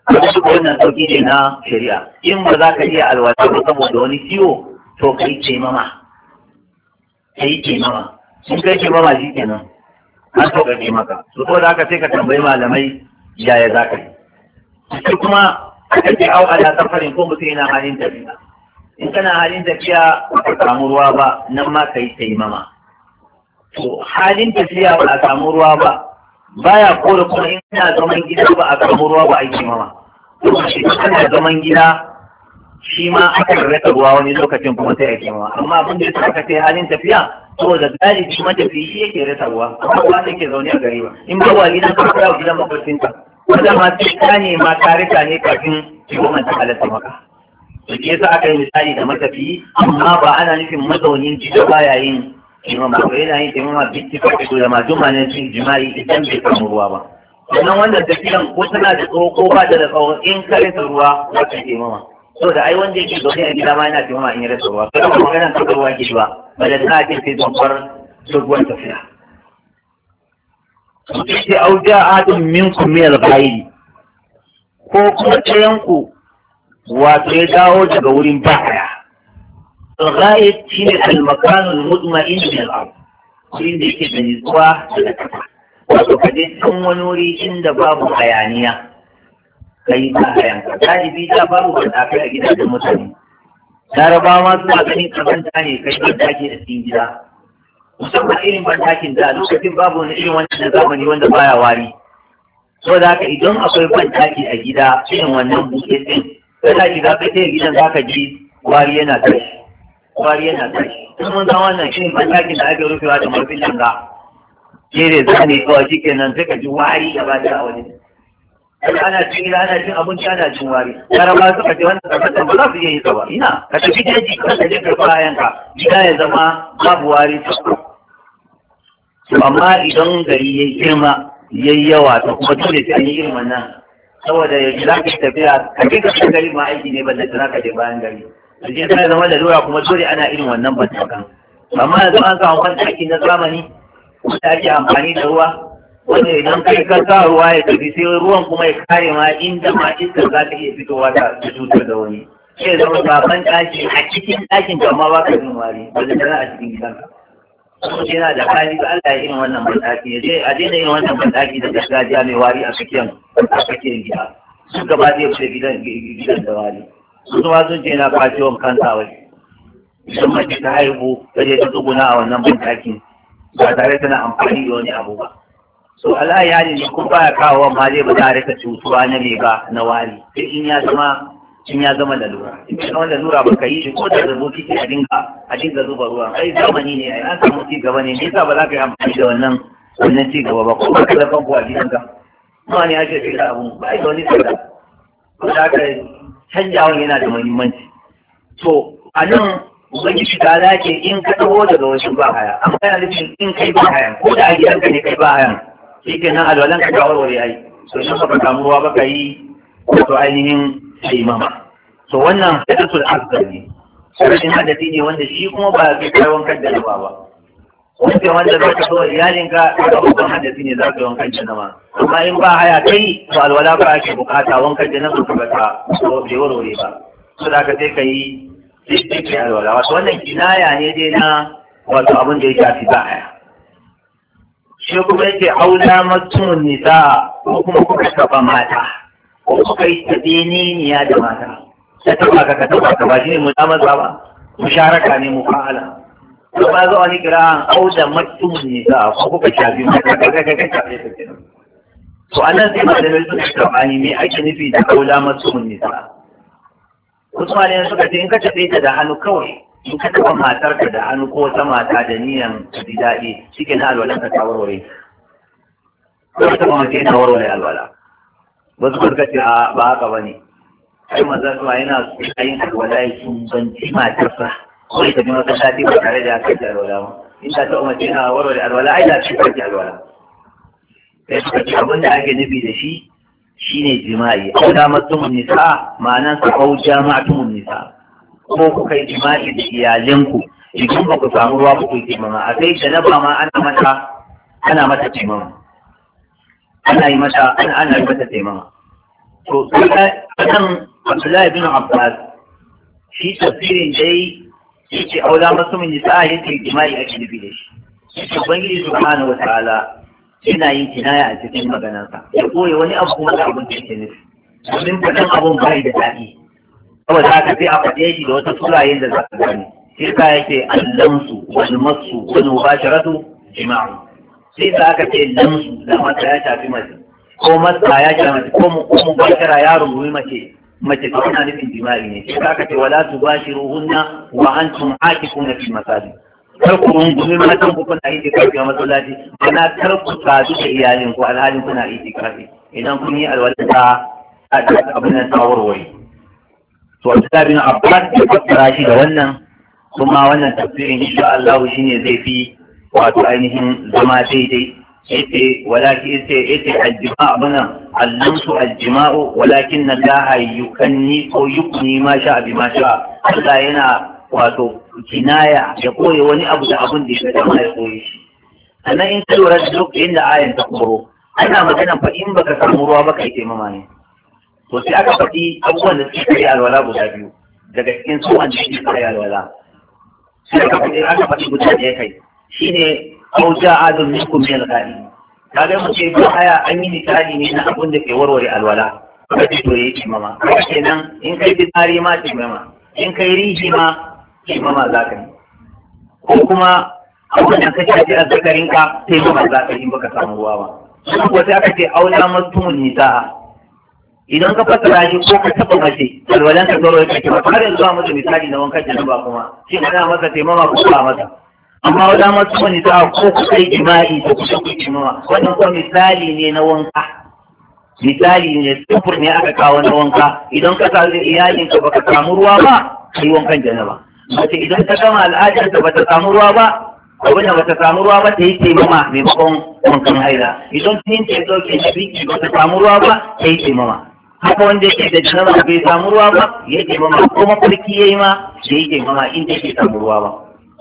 wasu wannan sauki ne na shari'a in ba za ka iya alwata ba saboda wani ciwo to kai yi taimama Kai taimama in kai taimama shi kenan an so taimaka to ko da ka sai ka tambayi malamai yaya za ka yi kuma aka ce au ala safarin ko mutum yana halin tafiya in kana halin tafiya ba a samu ruwa ba nan ma ka yi taimama to halin tafiya ba a samu ruwa ba baya kore kuma in kana zaman gida ba a samu ruwa ba a yi taimama to shi kana zaman gida shi ma aka rasa ruwa wani lokacin kuma sai a yi taimama amma abin da aka ce halin tafiya saboda da gari shi yake rasa ruwa amma ruwa ne ke zaune a gari ba in ba wa gidan ka fara gidan mafarkinta wanda ma sai ka ne ma tare ta ne kafin shi goma ta halatta maka da ke sa aka yi misali da matafi amma ba ana nufin mazaunin gida ba yayin imama ko yana yin imama bincika ko da majuma ne cin jima'i idan bai samu ruwa ba sannan wannan tafiyan ko tana da tsawo ko ba da tsawo in ka rasa ruwa ko ka imama so da ai wanda yake zaune a gida ma yana imama in ya rasa ruwa kada kuma kana ta ruwa ke ba ba da tana ce sai zamfar doguwar tafiya. ce auja adun min al-ghayri ko kuma ta yanku. wato ya dawo daga wurin baya al shi shine al-makan inda mutmain min wurin da yake da nutsuwa daga kasa wato ka je cikin wani wuri inda babu hayaniya yi ba hayanka bi ta babu kai a gidajen mutane larabawa masu ganin kazanta ne kai take da cikin gida musamman irin takin da lokacin babu wani irin na zamani wanda baya wari saboda haka idan akwai taki a gida irin wannan buɗe ɗin za shiga tsakiyar gidan za ka ji wari yana tashi wari yana tashi in da san wannan shi ɗakin da ake rufewa da marfin langa jere zane kawai shi kenan sai ka ji wari gaba da a wani ana cin gida ana cin abinci ana cin wari su ka ce wannan karfatan ba su iya yi ba ina ka tafi ji ka ta karfa kayan ka gida ya zama babu wari amma idan gari ya girma yi yawa to kuma dole sai an yi girma wannan saboda ya za ka tafiya ka je ka gari ma aiki ne banda za ka je bayan gari a je sai zama da lura kuma dole ana irin wannan batakan amma yanzu an samu wani aiki na zamani wanda ake amfani da ruwa wanda idan kai ka sa ruwa ya tafi sai ruwan kuma ya kare ma inda ma iska za ta iya fitowa ta cutar da wani sai zama baban ɗaki a cikin ɗakin ka ma ba ka jin wari ba a cikin gidanka yana da kari ba Allah ya irin wannan bandaki ya je a daina yin wannan bandaki da gargajiya mai wari a cikin a cikin gida su gaba da fi gidan gidan da wari su ma sun je na kwaciwon kansa wai idan mace ta haihu ta je ta tsuguna a wannan bandaki ba tare tana amfani da wani abu ba so Allah ya ne kun baya kawo ma zai ba tare ka cutuwa na me ba na wari sai in ya zama in ya zama lura in ya zama lura ba ka yi shi ko da zabo kike a dinga a dinga zuba ruwa ai zamani ne ai an samu ci gaba ne ne ba za ka yi amfani da wannan wannan ci gaba ba ko ba ka da fanko a ka? Kuma ne ake ce abu ba ai da wani tsada ko da ka wani yana da muhimmanci to a nan ubangiji ka dace in ka dawo daga wasu ba haya amma yana nufin in kai ba haya ko da a gidanka ne kai ba haya shi kenan alwalan ka ga warware ai to shi ba ka samu ruwa ba ka yi to ainihin taimama to wannan hadisul asgar ne sharadin hadasi ne wanda shi kuma ba zai kai wankan da ba ba wanda wanda za ka so iyalinka da babban hadasi ne za ka yi wankan janaba amma in ba haya kai to alwala ba ake bukata wankan da ka bata ko bai warware ba so da ka sai ka yi cikin alwala wato wannan kinaya ne dai na wato abin da ya shafi ba haya shi kuma yake aula matumun nisa ko kuma kuka taba mata ko suka yi ta tseneniya da mata ta taba ka ka taba ka ba shi ne mu damar ba Mu sharaka ne mu fa'ala amma zo wani kira an auda matumun nisa ko kuka shafi mata ka ka ka shafi ta to anan sai su malamai suka ni me ake nufi da aula matumun nisa Usman ne suka ce in ka tabe ta da hannu kawai in ka taba matar ka da hannu ko wata mata da niyan ji daɗi shi ke na alwalan ka ta warware ko ta mace na warware alwala wasu suka ce a ba haka ba ne ai maza suwa yana yin alwala sun sumbanci matarsa kawai ta jima kan tafi ba tare da aka yi alwala ba in ta ta umarci na warware alwala ai da shi kake alwala sai su ce abin da ake nufi da shi shine jima'i ko da mutumin nisa su sa ko jama'atun nisa ko ku kai jima'i da iyalanku idan ba ku samu ruwa ku kai yi a kai da na ba ma ana mata ana mata jimama ana yi mata ana yi ta taimama to kan Abdullahi bin Abbas shi tafsirin dai shi yake aula masu min nisa yake jima'i a cikin da shi su ubangiji subhanahu wataala yana yin kinaya a cikin maganarsa ya koya wani abu kuma da abin da yake nufi domin faɗin abun bai da daɗi saboda haka sai a faɗe shi da wata surayen da za ka gane shirka yake allansu wani masu wani rasu, jima'u sai za aka ce lamsu da mata ya shafi mace ko masa ya shafi mace ko mu bakara ya rungumi mace mace ta tana nufin jima'i ne sai za ka ce wala tu ruhun na, wa antum aakifuna fi masali kar ku rungumi matan ku kuna yi tikafi a masallaci ana kar ku sadu da iyalin ku alhalin kuna yi tikafi idan kun yi a cikin abin da tsawarwari to abdullahi bin da ya fassara shi da wannan kuma wannan tafsirin insha Allah shine zai fi wato ainihin zama daidai yace walakin yace yace aljima bana allansu aljima'u walakin na Allah yukanni ko yukni ma sha bi ma sha Allah yana wato kinaya ya koye wani abu da abun da ya dama ya koye shi sannan in ka lura da duk inda ayan ta koro ana magana fa in baka samu ruwa ba kai taimama ne to sai aka faɗi abubuwan da suke kai alwala guda biyu daga cikin suwan da suke kai alwala sai aka faɗi aka faɗi guda ɗaya kai shine au ja'a da minkum min al-ghali kaga mu ce ba aya an yi misali ne na abin da ke warware alwala kace to yi imama kenan in kai fitari ma imama in kai rihi ma imama za ka yi ko kuma abin da ji a zakarin ka sai imama za ka yi baka samu ruwa ba ko sai aka ce aula mastumul nisaa idan ka fasara shi ko ka taba mace alwalan ka zoro yake ba har yanzu ba mutum misali na wankan janaba kuma shi ana masa taimama ko ba masa amma wata masu wani ta ko ku kai jima'i da kusa ku jima'a wannan kuma misali ne na wanka misali ne sufur ne aka kawo na wanka idan ka sami da ba baka samu ruwa ba kai wankan janaba mace idan ta gama ba bata samu ruwa ba abin ba bata samu ruwa ba ta yi taimama maimakon wankan haila idan tunin ta ya dauke da biki bata samu ruwa ba ta yi taimama haka wanda yake da janaba bai samu ruwa ba ya taimama Kuma kuma ya yi ma ya yi taimama inda ke samu ruwa ba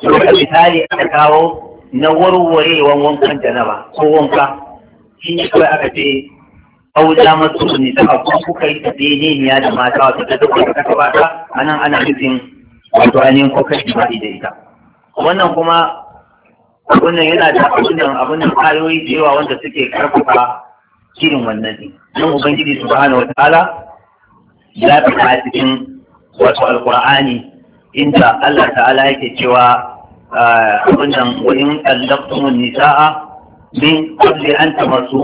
Saboda misali aka kawo na warwarewan wankan janaba ko wanka shi ne kawai aka ce auda masu ne ta abu kuka yi tafiye ne ya da mata wata ta duk wata kasa ta a nan ana nufin wato ainihin kuka yi jima'i da ita. Wannan kuma wannan yana da abin nan ayoyi da yawa wanda suke karfafa shirin wannan ne. Nan Ubangiji Subhanahu wa ta'ala ya fita cikin wato Alƙur'ani inda Allah ta'ala yake cewa wannan ah, wa in tallaqtumun nisaa min qabli an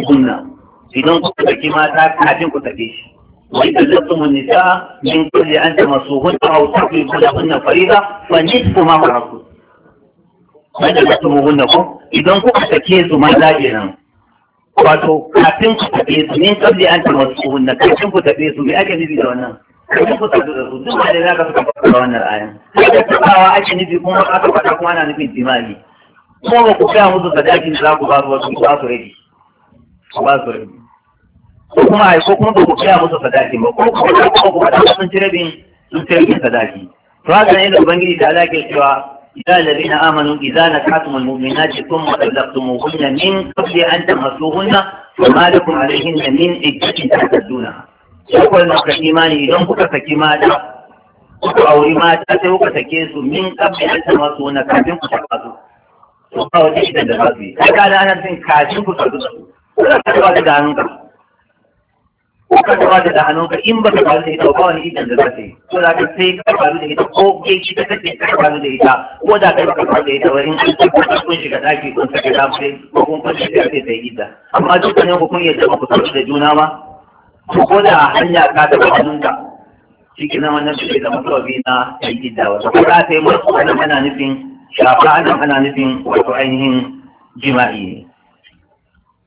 kunna. idan ku saki mata kafin ku sake shi wa in tallaqtumun nisaa min qabli an kunna, tamassuhunna aw taqribunna farida fa nisfu ma haratu wa in kunna ko idan ku sake su ke nan, wato kafin ku sake su min qabli an kunna, kafin ku sake su me ake nufi da wannan Ka ku kusa da su duk wanda ya ga suka faɗa wannan ayan da tabawa ake nufi kuma aka faɗa kuma ana nufin jimali kuma ba ku ga musu sadakin za ku ba su wasu ba su rage ba su rage ko kuma ai ko kuma ba ku ga musu sadakin ba ko kuma ko kuma da sun ci rabin sun ci rabin sadaki to haka ne da ubangiji da Allah ke cewa يا الذين آمنوا إذا نكحتم المؤمنات ثم طلقتموهن من قبل أن تمسوهن فما لكم عليهن من عدة تعتدونها ya kwalna ka imani idan kuka saki mata kuka auri mata sai kuka sake su min kabbi an sama su wani kafin ku saka su su kawo wata idan da zafi su yi ka da ana jin kafin ku saka su kuka saka su da ka kuka saka da ka, in ba ka faru da ita ba wani idan da za su yi ko da ka sai ka faru da ita ko ke ki ta kace ka faru da ita ko da ka faru da ita wani in ka kun shiga daki kun sake da ko kun kun ya sai ta yi idan amma dukkanin ku kun yadda ba ku tafi da juna ba ko da hanya ka da hannunka shi ke wannan suke zama sababi na yankin da wata. ko da ta yi masu wannan ana nufin shafa ana ana nufin wato ainihin jima'i ne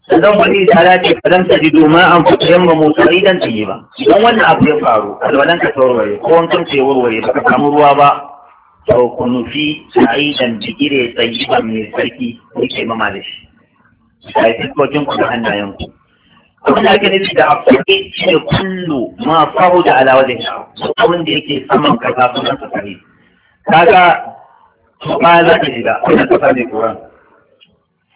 sannan wani da ala ce ta ji doma an fita yamma motsa idan ta yi ba idan wannan abu ya faru alwalan ka warware ko wankan ce warware ba ka samu ruwa ba to ku nufi sa'idan bigire tsayi ba mai sarki yake mama da shi sai fuskokin ku da hannayen ku abin da ake nufi da afuɗe shi ne kullu ma faru da shi abin da yake saman kasa sun sa sahi kaga ba za ta shiga wannan kasa mai kuran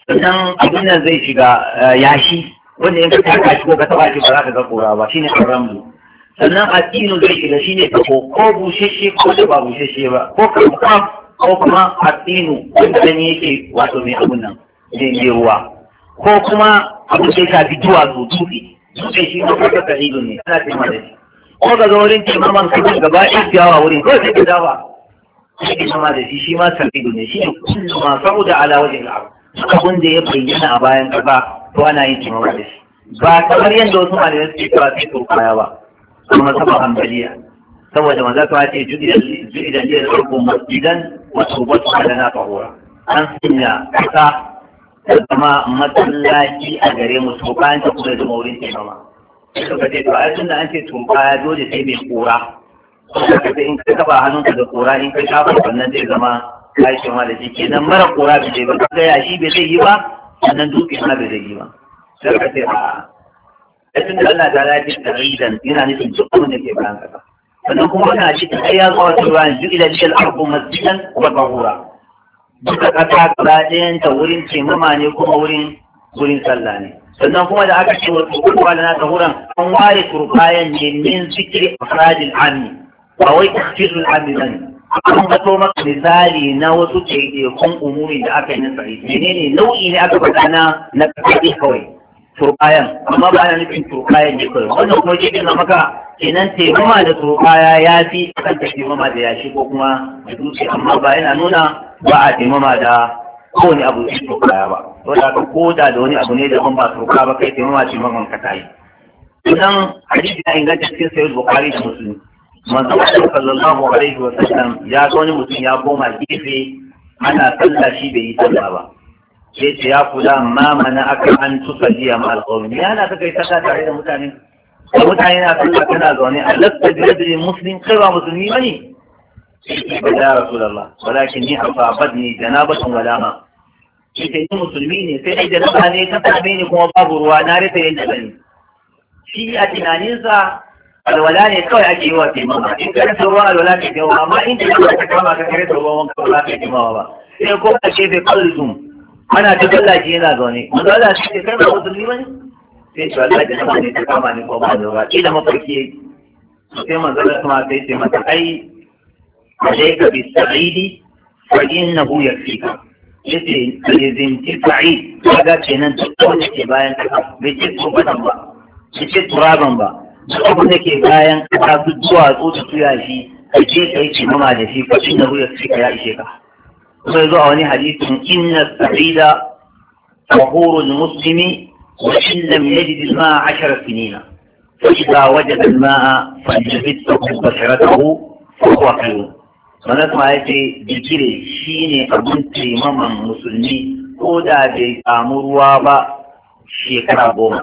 sannan abin nan zai shiga eh, yashi wanda in ka taka shi ko ka taba shi ba za ka ga kura ba shine karamu sannan addinu zai shiga shine ko ko busheshe ko da ba busheshe ba ko kamfam ko kuma addinu wanda gani yake wato mai abun nan zai ruwa ko kuma abu sai ka fi duwatsu dutse dutse shi ne kuka ka ido ne ana ce mana shi ko ga wurin ce maman kudin gaba ɗin gawa wurin ko sai ka dawa shi ne sama da shi shi ma san ido ne shi ne kullum ma saboda ala wajen al'abu abin da ya bayyana a bayan gaba to ana yin kimar da shi ba kamar yadda wasu malamai suke kira sai turkaya ba kuma saba hambaliya saboda maza ta ce da liyar rukun masjidan wasu wasu halana tahura an sanya kasa ta zama masallaci a gare mu to bayan ta kuma zama wurin taimama suka ce to ai tunda an ce tumba dole sai mai kura suka ce in ka taba hannunka da kora in ka shafa wannan zai zama kashin ma da shi nan mara kura bai zai ba kaga yashi bai zai yi ba sannan dutse ma bai zai yi ba suka ce a tun da Allah ta lafi da ridan yana nufin duk abin da ke bayan kasa sannan kuma ana cikin ai ya zuwa turan duk ila cikin al'umma masjidan wa bahura duka ƙasa guda ɗayanta wurin cimama ne kuma wurin wurin sallah ne sannan kuma da aka ce wa turkuwa da nata wurin an ware kurbayan ne min zikiri a farajin ami ba wai tafsirin ami ba ne an gato maka misali na wasu ɗaiɗaikun umumin da aka yi na sa'i ne ne nau'i ne aka faɗa na na kawai Turkayan, amma ba ana nufin turbayan ne kawai wannan kuma shi na maka kenan taimama da turkaya ya fi kan ta taimama da yashi ko kuma da dutse amma ba yana nuna ba a taimama da kowane abu da turkaya ba wanda ka koda da wani abu ne da ban ba turka ba kai taimama taimaman ka tayi Idan hadisi ya inganta cikin sayyid bukhari da muslim manzo Allah sallallahu alaihi wa sallam ya ga wani mutum ya koma gefe ana sallah shi bai yi sallah ba sai ce ya kula amma mana aka an jiya ma alqawmi ya na kai ta tare da mutane da mutane na sallah kana zaune a lasta bi rajuli muslim kai ba musulmi ba ne? bane ya rasulullah walakin ni asabadni janabatun wala ma ita ni musulmi ne sai dai janaba ne ta same ni kuma babu ruwa na rasa yadda zan shi a tunaninsa alwala ne kawai ake yi wa taimama in ka rasa ruwa alwala ke yawa amma in ka rasa kama ka rasa ruwa wanka ba za ka yi ba sai ko a ce bai ana ta gallaji yana zaune manzo Allah shi ke kai ba musulmi bane sai shi Allah ya kama ne ta kama ne ko ba ne ba kila mafarki yayi sai manzo Allah kuma sai ce mata ai alayka bi sa'idi fa innahu yakfika yace yazinti sa'id kaga kenan ta kace ke bayan ka, bai ce ko ba ba shi ce turaban ba ko ne ke bayan ka su zuwa tsoci tuya shi je ka ce mama da shi fa innahu yakfika ya ishe ka ويضعني حديث إن السعيد طهور المسلم وإن لم يجد الماء عشر سنين فإذا وجد الماء فليبثه بشرته فهو حلو ونسمع آية بكير الشين أبنت إمام المسلمي ودا بأمر وابا شكرا بوما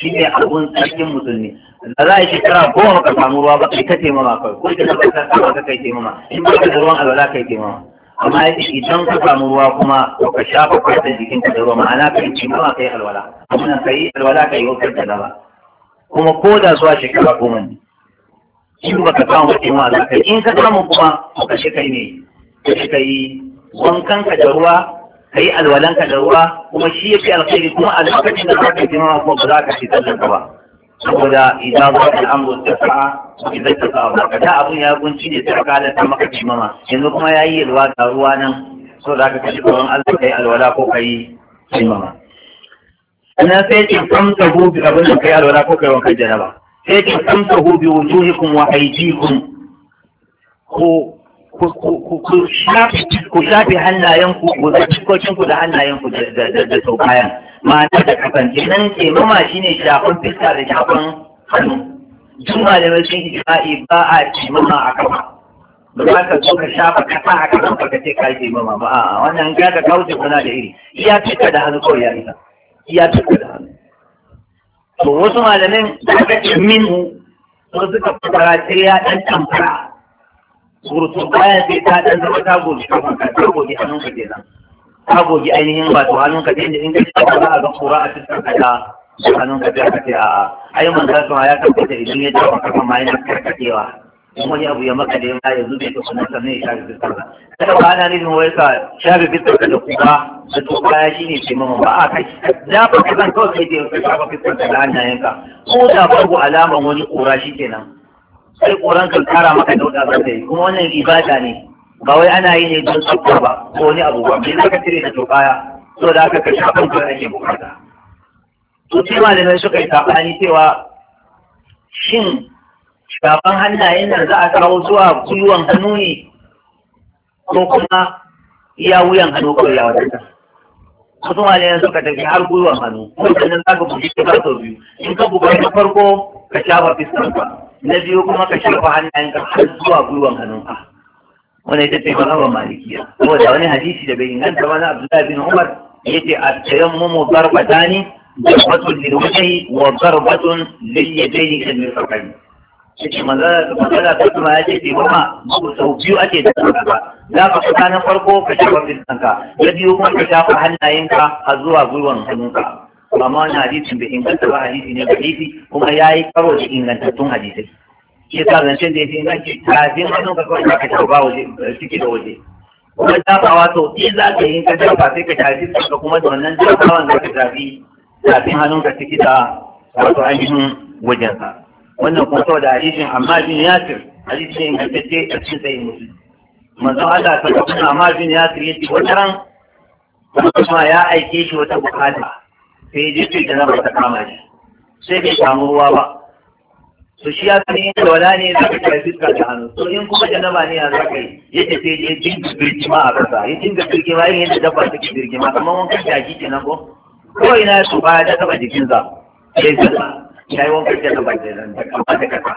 شين أبنت أكيم مسلمي لا شكرا بوما كأمر وابا كي تتي مما كوي كي تتي مما كي تتي مما إما تتي amma idan ka samu ruwa kuma to ka shafa fatan jikin ka da ruwa ma'ana ka yi ma ka yi alwala amma ka yi alwala ka yi wakar da ba. kuma ko da zuwa shekara goma ne ba ka samu wata ma za ka in ka samu kuma to ka shi kai ne ka shi kai wankan ka da ruwa ka yi alwalan ka da ruwa kuma shi ya fi alkhairi kuma a lokacin da za ka yi ma kuma ba za ka shi tallan ka ba saboda idan ba ka amur ta sa'a idan ta sa'a ba ka da abin ya gunci ne ta kada ta maka cimama yanzu kuma ya yi yalwa ga ruwa nan so za ka kashe kawon allah kai alwala ko kai cimama sannan sai ce kamsa hu bi abin da kai alwala ko kai wankan jaraba? sai ce kamsa hu bi wujuhikum wa aydikum ko ku shafe hannayenku ku zaci da hannayenku da sau bayan mata da kafan mama taimama shine shafin fiska da shafin hannu duk malamai sun ijma'i ba a taimama a kafa ba za ka zo ka shafa kafa a kafa ba ka ce ka ce taimama ba a wannan ka ka kauce kuna da iri iya fiska da hannu kawai ya isa iya fiska da hannu to wasu malamin ce min sun suka fara sai ya dan tamfara surutun bayan sai ta dan zama ta gobe ka ta gobe hannun ka nan. ka gogi ainihin to hannun ka inda in gaji ka ba a ga kura a cikin haka ta hannun ka ka ce a'a ai manzan ka ya ya ta idan ya tafa kafa ma yana karkacewa in wani abu ya maka da yana yanzu bai tafi nan sannan ya shafi fiskar Ta kada ba ana nufin wai ka shafi fiskar ka da kuma da to baya shi ne taimama ba a kai Na ka ka zan kawai kai da ka shafa fiskar ka da hannayen ka ko da babu alaman wani kura shi kenan sai kuran kan kara maka dauda ba sai kuma wannan ibada ne ba wai ana yi ne don tsakka ba ko ni abubuwa. ba bai zaka cire da tokaya so da aka kashe abin da ake bukata to sai malamai suka yi sabani cewa shin shafan hannayen nan za a kawo zuwa gwiwan hannu ne ko kuma iya wuyan hannu ko iya su wasu malayan suka tafi har gwiwan hannu wannan za ka buji ka sau biyu in ka buga na farko ka shafa ba. na biyu kuma ka shafa hannayen ka har zuwa gwiwan ka. wani ita ce mazhaban malikiya saboda wani hadisi da bai inganta ba na abdullahi bin umar ce yace at-tayammumu darbatani darbatun lil wajhi wa darbatun lil yadayni kan mirfaqayn yace manzala manzala ta kuma ya ce kuma babu sau biyu ake da ba za ka fita na farko ka shafa fiskanka na biyu kuma ka shafa hannayenka har zuwa gwiwan hannunka amma wani hadisi bai inganta ba hadisi ne ba hadisi kuma ya yi karo da ingantattun hadisai shi ta zancen da ya ce nake kafin hannun ka kawai ka tauba waje eh, ciki da waje kuma tafawa to in za ka yi ka tafa sai ka tafi ka kuma da wannan tafawan da ka tafi kafin hannun ka ciki da wato ainihin wajensa wannan kuma sau da hadisin amma bin yasir hadisi ne ingantacce a cikin sayin musulmi manzon Allah ta kuma amma bin yasir ya ce wata ran kuma ya aike shi wata bukata sai ya je da na ta kama shi sai bai samu ruwa ba to shi ya sani in wala ne za ka kai fiska ta hannu to in kuma janaba ne ya zaka yi ya tafi ya dinga birgima a kasa ya dinga birgima yin yadda dabba take birgima kamar wankan jaki kenan ko ko ina ya tuba ya taba jikinsa sai zama ya yi wankan janaba da nan da kama da kasa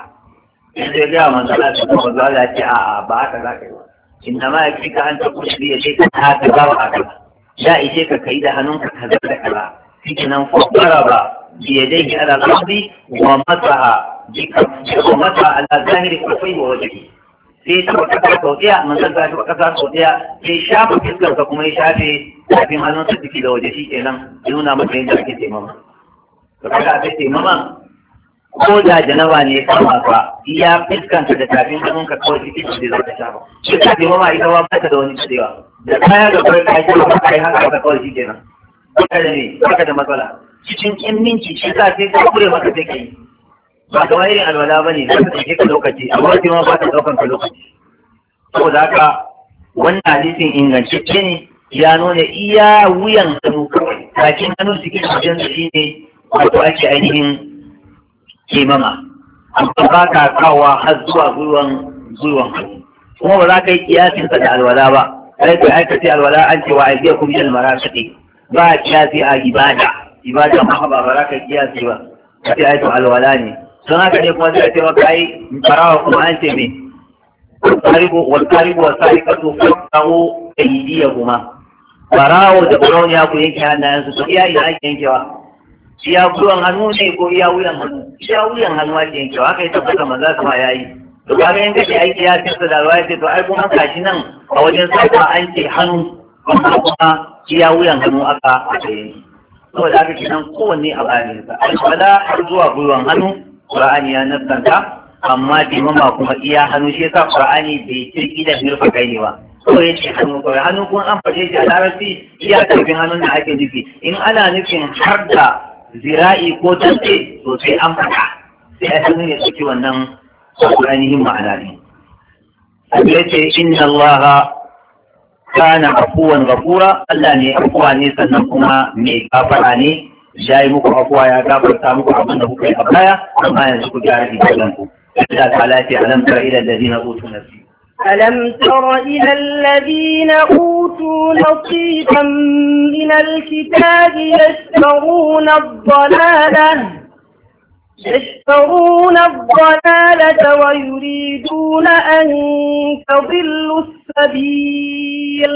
in zai gaya manzo Allah ta kuma manzo Allah ce a'a ba haka za ka yi ba inna ma ya fika an ta kusa biya sai ka haka ba ba haka da ishe ka kai da hannunka kaza da kaza shi kenan fa ba biyadaihi ala al wa masaha بأمتها على ظاهر كفي ووجهه sai ta wata kasa sau ɗaya mun san ta taɓa kasa sau ɗaya sai shafa fiskarsa kuma ya shafe kafin hannunsa jiki da waje shi kenan ya nuna masa yadda ake taimama to kaga ake taimama ko da janawa ne ya kama ka iya fiskanta da tafin ka kawai jiki da zai zaka shafa shi ka taimama ita ma ba ta da wani cewa da kaya ga kawai ka yi ka yi haka ka kawai shi kenan baka da ne baka da matsala cikin kin minci shi ka sai ka kure maka sai ka yi ba kamar irin alwala ba ne za ta ɗauke ka lokaci amma wasu ma ba ta ɗaukan ka lokaci saboda haka wannan hadisin ingantacce ne ya nuna iya wuyan hannu kawai bakin hannu cikin wajen da shi ne wato ake ainihin kimama amma ba ka kawo har zuwa gwiwan gwiwan hannu kuma ba za ka yi kiyasin sa da alwala ba sai ka aikace alwala an ce wa aibiya kuma yin marasati ba a kiyasi a ibada ibada ma ba ba za ka kiyasi ba ka ce aiko alwala ne don haka ne kuma zai ce maka ai farawa kuma an ce me karibu wal karibu wa sarikatu fa'u aydiyahuma farawo da buron ya ku yanke hannayen su iya ina ake yankewa iya buwan hannu ne ko iya wuyan hannu iya wuyan hannu ake yankewa haka ya tabbata ma za su ma ya yi. to kaga yanka ce aiki ya fi da ruwa ce to ai kuma shi nan a wajen sauka an ce hannu amma kuma iya wuyan hannu aka aka yanki saboda haka nan, kowanne a bayan sa alfala har zuwa gwiwan hannu Qur'ani ya nassanta amma jimama kuma iya hannu shi yasa Qur'ani bai kirki da mirfa kai ne ba ko ya ce hannu kawai hannu kuma an fashe shi a larabci iya karfin hannun da ake nufi in ana nufin har da zira'i ko tantse to sai an faɗa sai a hannu ya ɗauki wannan ainihin ma'ana ne. Allah ce inna Allah kana afuwan gafura Allah ne afuwa ne sannan kuma mai gafara ne ya yi muku afuwa ya gafarta muku abin da kuka yi a baya amma yanzu ku gyara ibadanku Allah ta lafiya alam tara ila alladhina utu nasiba ألم تر إلى الذين أوتوا نصيبا من الكتاب يشترون الضلالة يشترون الضلالة ويريدون أن تضلوا السبيل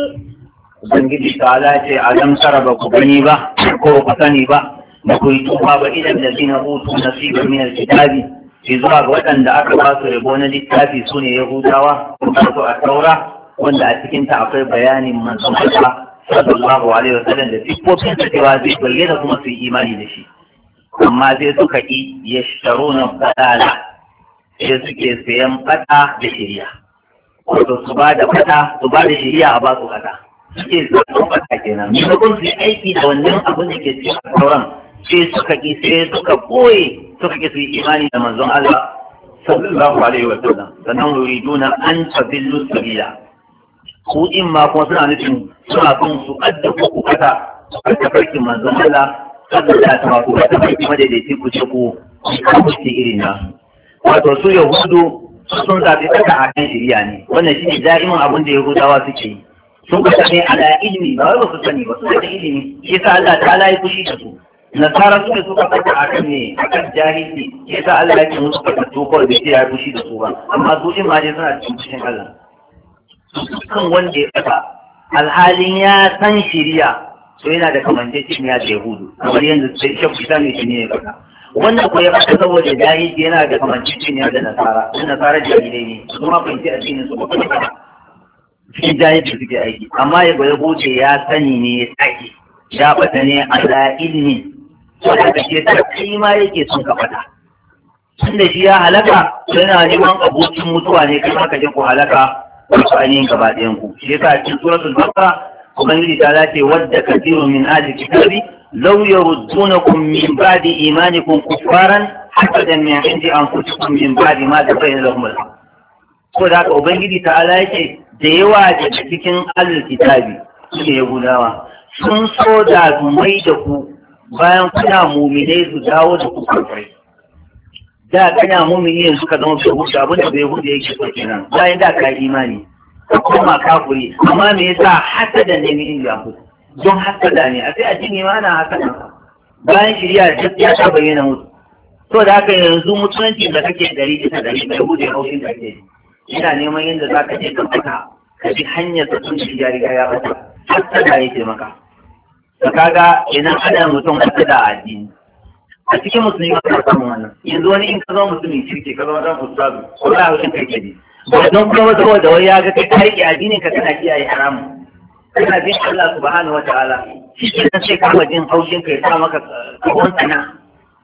ubangiji ta ala a alam tara ba ku gani ba ko ku sani ba ba ku yi ba idan da zina hutu na siga min alkitabi zuwa ga waɗanda aka ba su rabo na littafi su ne yahudawa ko a taura wanda a cikinta akwai bayanin masu Allah sallallahu alaihi wasallam da siffofin su cewa zai bayyana kuma su yi imani da shi amma sai suka yi yashtaruna fadala sai suke sayan fada da shari'a wato su ba da fada su ba da a ba su fada suke zaɓen wata kenan maimakon su yi aiki da wannan abin da ke cikin sauran sai suka ki sai suka koye suka ki su yi imani da manzon Allah sallallahu alaihi wa sallam sannan yuriduna an tabillu sabila ku in ma kuma suna nufin suna son su adda ku kata a farkin manzon Allah sallallahu alaihi wa sallam ku tafarki madaidaici ku ce ku ku ce irin na wato su yahudu sun zaɓi kaka a kan shirya ne wannan shi ne da'imin abin da yahudawa suke yi sun kusa ne ala ilimi ba wai ba su sani ba su da ilimi shi sa Allah ta ala fushi da su nasara suka suka fata kan ne kan jahilci shi sa Allah ya ce musu to kawai bai ce ya fushi da su ba amma su in ma dai suna cikin fushin Allah kan wanda ya kasa. alhalin ya san shiriya to yana da ya da yahudu kamar yanzu sai shafi sani shi ne ya fata wannan ko ya fata saboda jahilci yana da kamanceceniya da nasara nasara jahilai ne kuma fahimci addinin su ba shi da suke aiki amma ya gwada goce ya sani ne ya sake ya bata ne a da ne wanda da ke ta ma yake son ka bata tunda shi ya halaka yana neman abokin mutuwa ne kai maka ku halaka wasu ainihin gaba ɗayan ku shi yasa cikin suratul baqara ubangiji ta lace wadda kathirun min ahli kitabi law kun min ba'di imanikum kuffaran hatta min indi anfusikum min ba'di ma tabayyana lahum al-haqq ko da ka ubangiji ala yake da yawa da cikin alkitabi su ne gudawa, sun so da su mai da ku bayan kuna muminai su dawo da ku kwarfai da kana mumini yanzu ka zama bai hudu abin da bai hudu yake so kenan bayan da ka imani ka kuri. amma me yasa hasada ne ni inda ku don hasada ne a sai a jini ma ana hasada bayan shirya ya ta bayyana mutu ko da haka yanzu mutunci da kake gari ita gari da hudu ya haushin da kake Ina neman yadda za ka je ka fita ka bi hanyar da sun shi jari ya fata ta da ce maka ka kaga ina ana mutum hatta da addini a cikin musulmi ba ka samu wannan yanzu wani in ka zama musulmi kirki ka zo wajen ustazu ko za a wuce kai ne ba don kuma wata wanda wani ya ga kai ka rike addinin ka kana kiyaye haramu kana bin Allah subhanahu wataala shi ke nan sai kama jin haushin kai ya sa maka kawon sana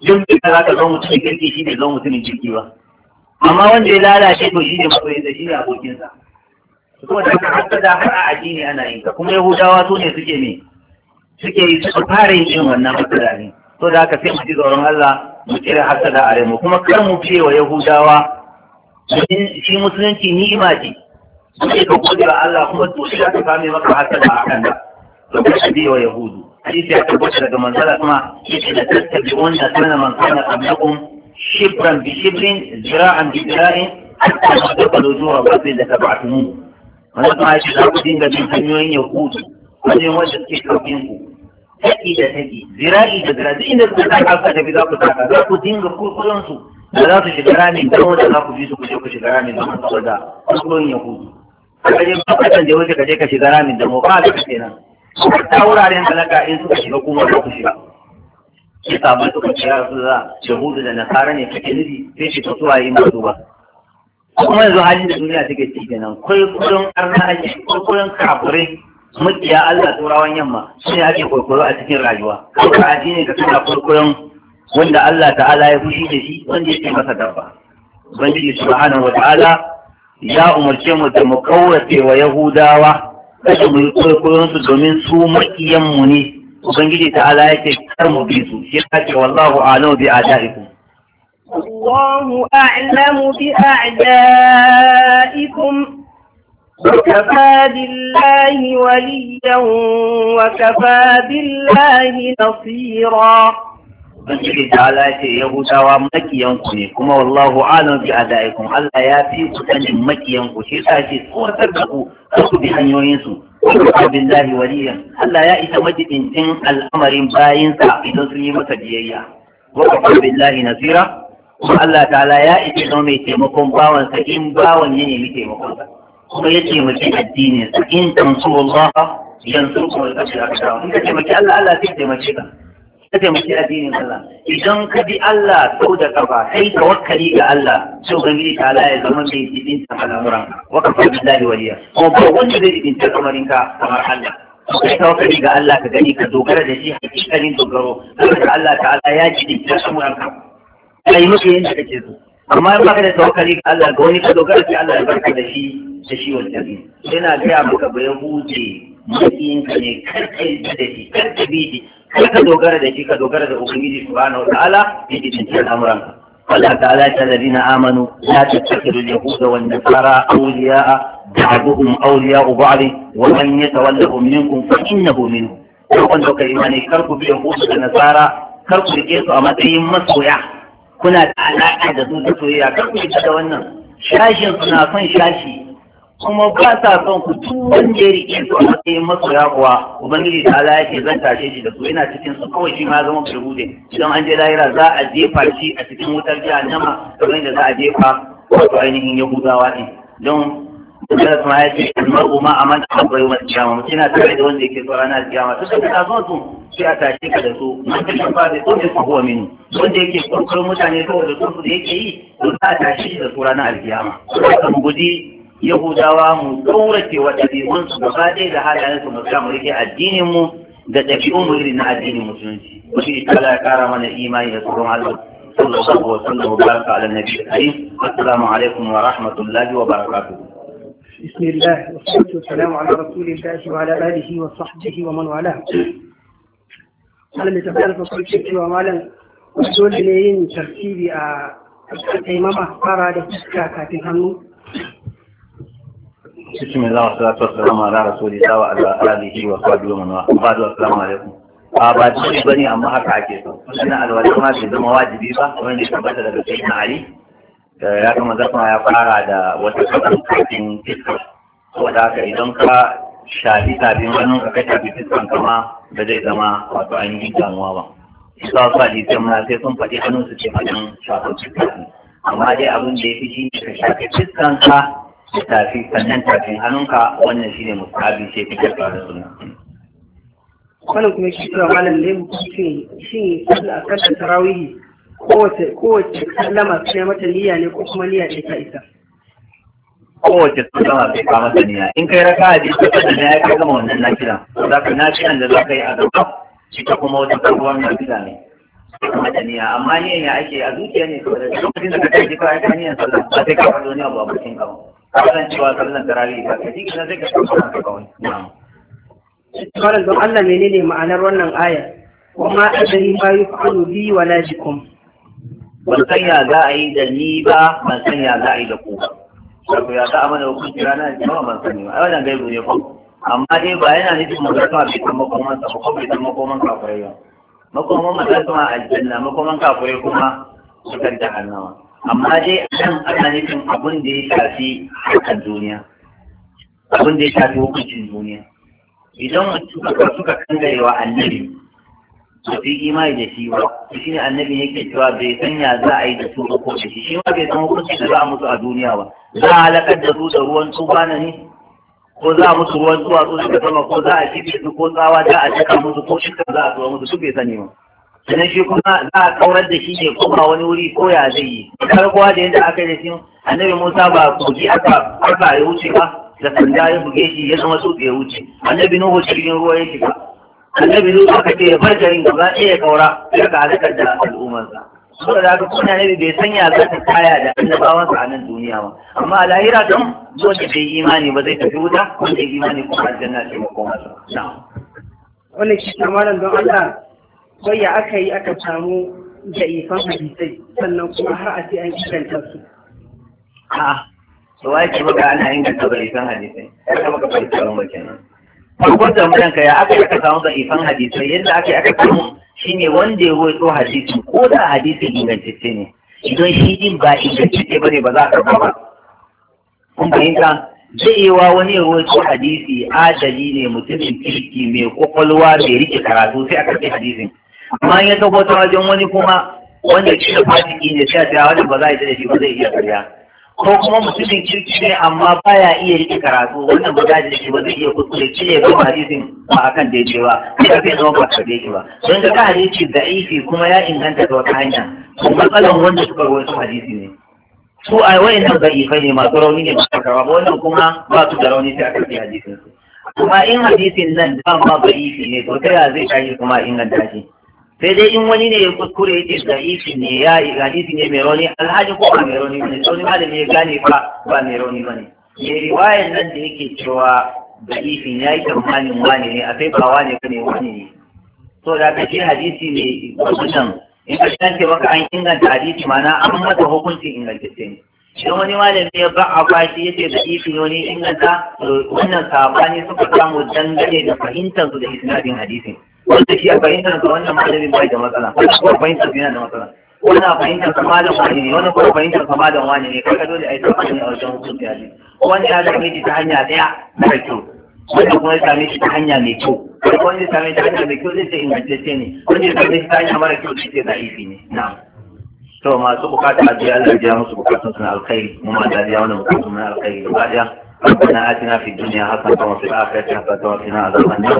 don ka za ka mutum mutumin kirki shi ne zo mutumin kirki ba amma wanda ya lalace to shi ne masoyi da shi ne abokinsa kuma da aka haka da har a addini ana yin ka kuma yahudawa su ne suke ne, suke yi su fara yin irin wannan hasada ne to da aka sai mu ji tsoron Allah mu kira hasada a mu kuma kar mu fiye wa yahudawa shi musulunci ni'ima ce Suke ka gode wa Allah kuma to shi aka kame maka hasada a kan da to ka biye wa yahudu hadisi ya tabbata daga manzala kuma yace da tattabi'un da sanan man kana شبرا بشبر ذراعا بذراع حتى تقبل وجوه الرجل اذا تبعتموه wannan ma shi za ku dinga bin hanyoyin yahudu wajen wanda suke ɗaukin ku zira'i da zira'i inda ku ta haka za ku taka za ku dinga kurkuren da za su shiga ramin don wanda za ku bi su ku je ku shiga ramin don saboda kurkuren yahudu ka je ba ka je wuce ka je wuraren da in suka shiga kuma shiga ya samu suka kira su da shahudu da nasara ne kake nufi sai shi fito a yi masu ba kuma yanzu halin da duniya take ci kenan kwaikwayon arnaji kwaikwayon kafirai makiya Allah turawan yamma shi ne ake kwaikwayo a cikin rayuwa kawai aji ne ka kana kwaikwayon wanda Allah ta'ala ya fushi da shi wanda yake masa dabba ubangiji subhanahu wa ta'ala ya umarce mu da mu kaurace wa yahudawa kada mu yi kwaikwayon su domin su makiyan mu ne ubangiji ta ala ya ce kar mu bi su shi ya ce wallahu a'lamu bi a'da'ikum Allahu a'lamu bi a'da'ikum وكفى بالله وليا وكفى بالله نصيرا Ubangiji ta ala ya ce Yahudawa makiyanku ne kuma wallahu alam bi adaikum Allah ya fi ku sanin makiyanku shi yasa ce tsoratar da ku ku bi hanyoyinsu billahi waliya. Allah ya isa majidincin al'amarin bayinsa idan sun yi masa biyayya wa kafa billahi nasira kuma Allah ta'ala ya isa zama mai taimakon bawansa in bawan ya nemi taimakon kuma ya taimaki addinin sa in tansu Allah yanzu kuma ya tafi da in ka taimaki Allah Allah zai taimake ka ka taimaki addinin Allah idan ka bi Allah sau da kafa kai tawakkali ga Allah sau ga gidi ta ya zama mai jibin ta al'amuran wa kafa billahi waliya kuma ba wani zai jibin ta kamarin ka kamar Allah kai tawakkali ga Allah ka gani ka dogara da shi hakikalin dogaro saboda Allah ta'ala ya jibin ta al'amuran ka kai muke yin da kake so amma in baka da tawakkali ga Allah ga wani ka dogara sai Allah ya barka da shi da shi wannan yana ga maka bayan huje matsayinka ne karkai da shi karkai kada ka dogara da shi ka dogara da ubangiji subhanahu wataala ya ji cikin al'amuran Allah ta'ala ta ladina amanu la tattakidu yahuda wan nasara awliya'a ba'duhum awliya'u ba'd wa man yatawallahum minkum fa innahu minhum kun da kai mani kar ku bi yahuda da nasara karku rike su a matsayin masoya kuna da alaka da su da soyayya karku rike da wannan shashin suna son shashi kuma ba sa son ku duk ya riƙe su a matsayin masoya kuwa ubangiji ta ala yake zan tashe shi da su yana cikin su kawai shi ma zama bai idan an je lahira za a jefa shi a cikin wutar jahannama kamar da za a jefa wato ainihin yahudawa ne don da kuma ya ce mar'u ma aman a bai wa kiyama mutum yana tare da wanda yake tsoron na kiyama to sai ka zo su sai a tashi ka da su ta kan ba da tsoron ku huwa minu wanda yake kurkur mutane kawai da su da yake yi to za a tashi da tsoron na alkiyama guji yahudawa mu ɗaurace wa ɗabi'unsu gaba ɗaya da halayensu mu samu rike addininmu da ɗabi'unmu irin na addinin musulunci wasu itala ya kara mana imani da tsoron allah sallallahu alaihi wa sallam baraka ala nabi karim assalamu alaikum wa rahmatullahi wa barakatuh بسم الله والصلاة والسلام على رسول الله وعلى آله وصحبه ومن والاه. أنا متفائل في كل شيء ومالا وسؤال لين ترتيبي ااا إمام أخبار هذا كافي هنو بسم الله والصلاة والسلام على رسول الله وعلى آله وصحبه ومن والاه بعد السلام عليكم a ba dole bane amma haka ake so na alwala ma bai zama wajibi ba wanda ya tabbata daga sayyidina ali ya kama zama ya fara da wata sabon kafin fiskar saboda haka idan ka shafi tafin wannan ka kai tafi fiskan kama ba zai zama wato an yi damuwa ba isa su hadisi amma sai sun faɗi hannun su ce faɗin shafin fiskar amma dai abin da ya fi shi ka shafi da tafi sannan tafin hannunka wannan shine musabi sai fitar da suna. wannan kuma shi cewa malam ne mutunci shi sallah akan tarawih kowace kowace sallama sai mata niyya ne ko kuma niyya ce ta isa kowace sallama sai ka mata niyya in kai raka a jiki ka da ya ka gama wannan nafila za ka nafilan da za ka yi a gaba ita kuma wata sabuwar nafila ne mata amma niyya ne ake a zuciya ne saboda lokacin da ka kai jika ya ka niyyan sallah ba sai ka faɗo ne a babu cin gaba kasan cewa sallan tarawih ba kaji kana zai ka tsaya ka kawai Malam don Allah menene ma'anar wannan aya. kuma adari ma yi fa'alu bi wa la bikum ban san ya za a yi da ni ba ban san ya za a yi da ku ba ya za a mana hukunci rana da jama'a ban sani ba ai gaibu ne ko amma dai ba yana nufin magana bai san makoman sa ko bai san makoman kafirai ba makoman matasuma aljanna makoman kafirai kuma sukan jahannama amma dai nan ana nufin abin da ya shafi harkar duniya abin da ya shafi hukuncin duniya idan suka suka wa annabi su fi imani da shi ba shi ne annabi yake cewa bai sanya za a yi da su ko da shi shi ma bai san hukuncin da za a mutu a duniya ba za a halakar da su da ruwan tuba na ne ko za a mutu ruwan duwatsu daga sama ko za a kife su ko tsawa za a cika musu ko shikar za a tura musu su bai sani ba sannan shi kuma za a kaurar da shi ne kuma wani wuri ko ya zai yi karkowa da yadda aka yi da shi annabi musa ba kogi aka aka ya wuce ba da sanda ya buge shi ya zama tsutse ya wuce annabi nuhu cikin ruwa ya shiga annabi nuhu aka ce ya bar garin gaba ɗaya ya kaura ya ga halakar da al'ummarsa saboda haka kuma annabi bai sanya za ta kaya da annabawansa a nan duniya ba amma a lahira don zuwa da bai imani ba zai tafi wuta wanda imani kuma aljanna ce makomarsa na'am wannan shi kamaran don Allah ya aka yi aka samu da ifan hadisai sannan kuma har a ce an inganta su a to wai ke maka ana inganta da ifan hadisai ya ka maka fahimta ba kenan farkon tambayan ka ya aka yi aka samu da ifan hadisai yadda aka yi aka samu shine wanda ya roƙo hadisi ko da hadisi ingantacce ne idan shi din ba ingantacce ba ne ba za a karɓa ba kun fahimta zai yi wa wani rawaito hadisi adali ne mutumin kirki mai kwakwalwa mai riƙe karatu sai aka karɓi hadisin amma ya tabbata wajen wani kuma wanda ke da fasiki ne sai a tsaya wani ba za a yi da shi ba zai iya karya ko kuma mutumin kirki ne amma baya iya yi karatu wannan ba za a yi da shi ba zai iya kuskure shi ne ba hadisin ba akan daidai ba sai kai zama ba ka yake ba don ga hadisi da ifi kuma ya inganta ta wata hanya to matsalan wanda suka wasu hadisi ne su a wayannan ifa ne masu rauni ne masu karawa ba wannan kuma ba su da rauni sai a karbi hadisin su kuma in hadisin nan ma da'ifi ne to ta yaya zai kai kuma inganta shi sai dai in wani ne ya kuskure yake da'ifi ne ya yi hadisi ne mai rauni alhaji ko ba mai rauni ne sauni malami ya gane ba ba mai rauni ba ne mai riwayan nan da yake cewa da'ifin ya yi tsammanin wane ne a sai ba wane ba ne wane ne so da ka ce hadisi ne wannan in ka ce maka an inganta hadisi mana an mata hukuncin ingantacce ne idan wani malami ya ba a kwashi yace da ifi wani inganta wannan sabani suka samu dangane da fahimtar su da isnadin hadisin wanda shi a fahimtar sa wannan malamin bai da matsala wanda kuma fahimtar yana da matsala a fahimtar sa malam wani ne wannan kuma fahimtar sa malam wani ne kaga dole a yi tsakanin a wajen hukunci a ne wanda ya same yi ta hanya ɗaya mara kyau wanda kuma ya same shi ta hanya mai kyau kuma ya same shi ta hanya mai kyau zai ce ingantacce ne wanda ya same shi ta hanya mara kyau zai ce za'ifi ne na'am to masu bukata a biya Allah biya musu bukatun suna alkhairi mu ma da biya wannan bukatun alkhairi ba ربنا آتنا في الدنيا حسنة وفي الآخرة حسنة وقنا عذاب النار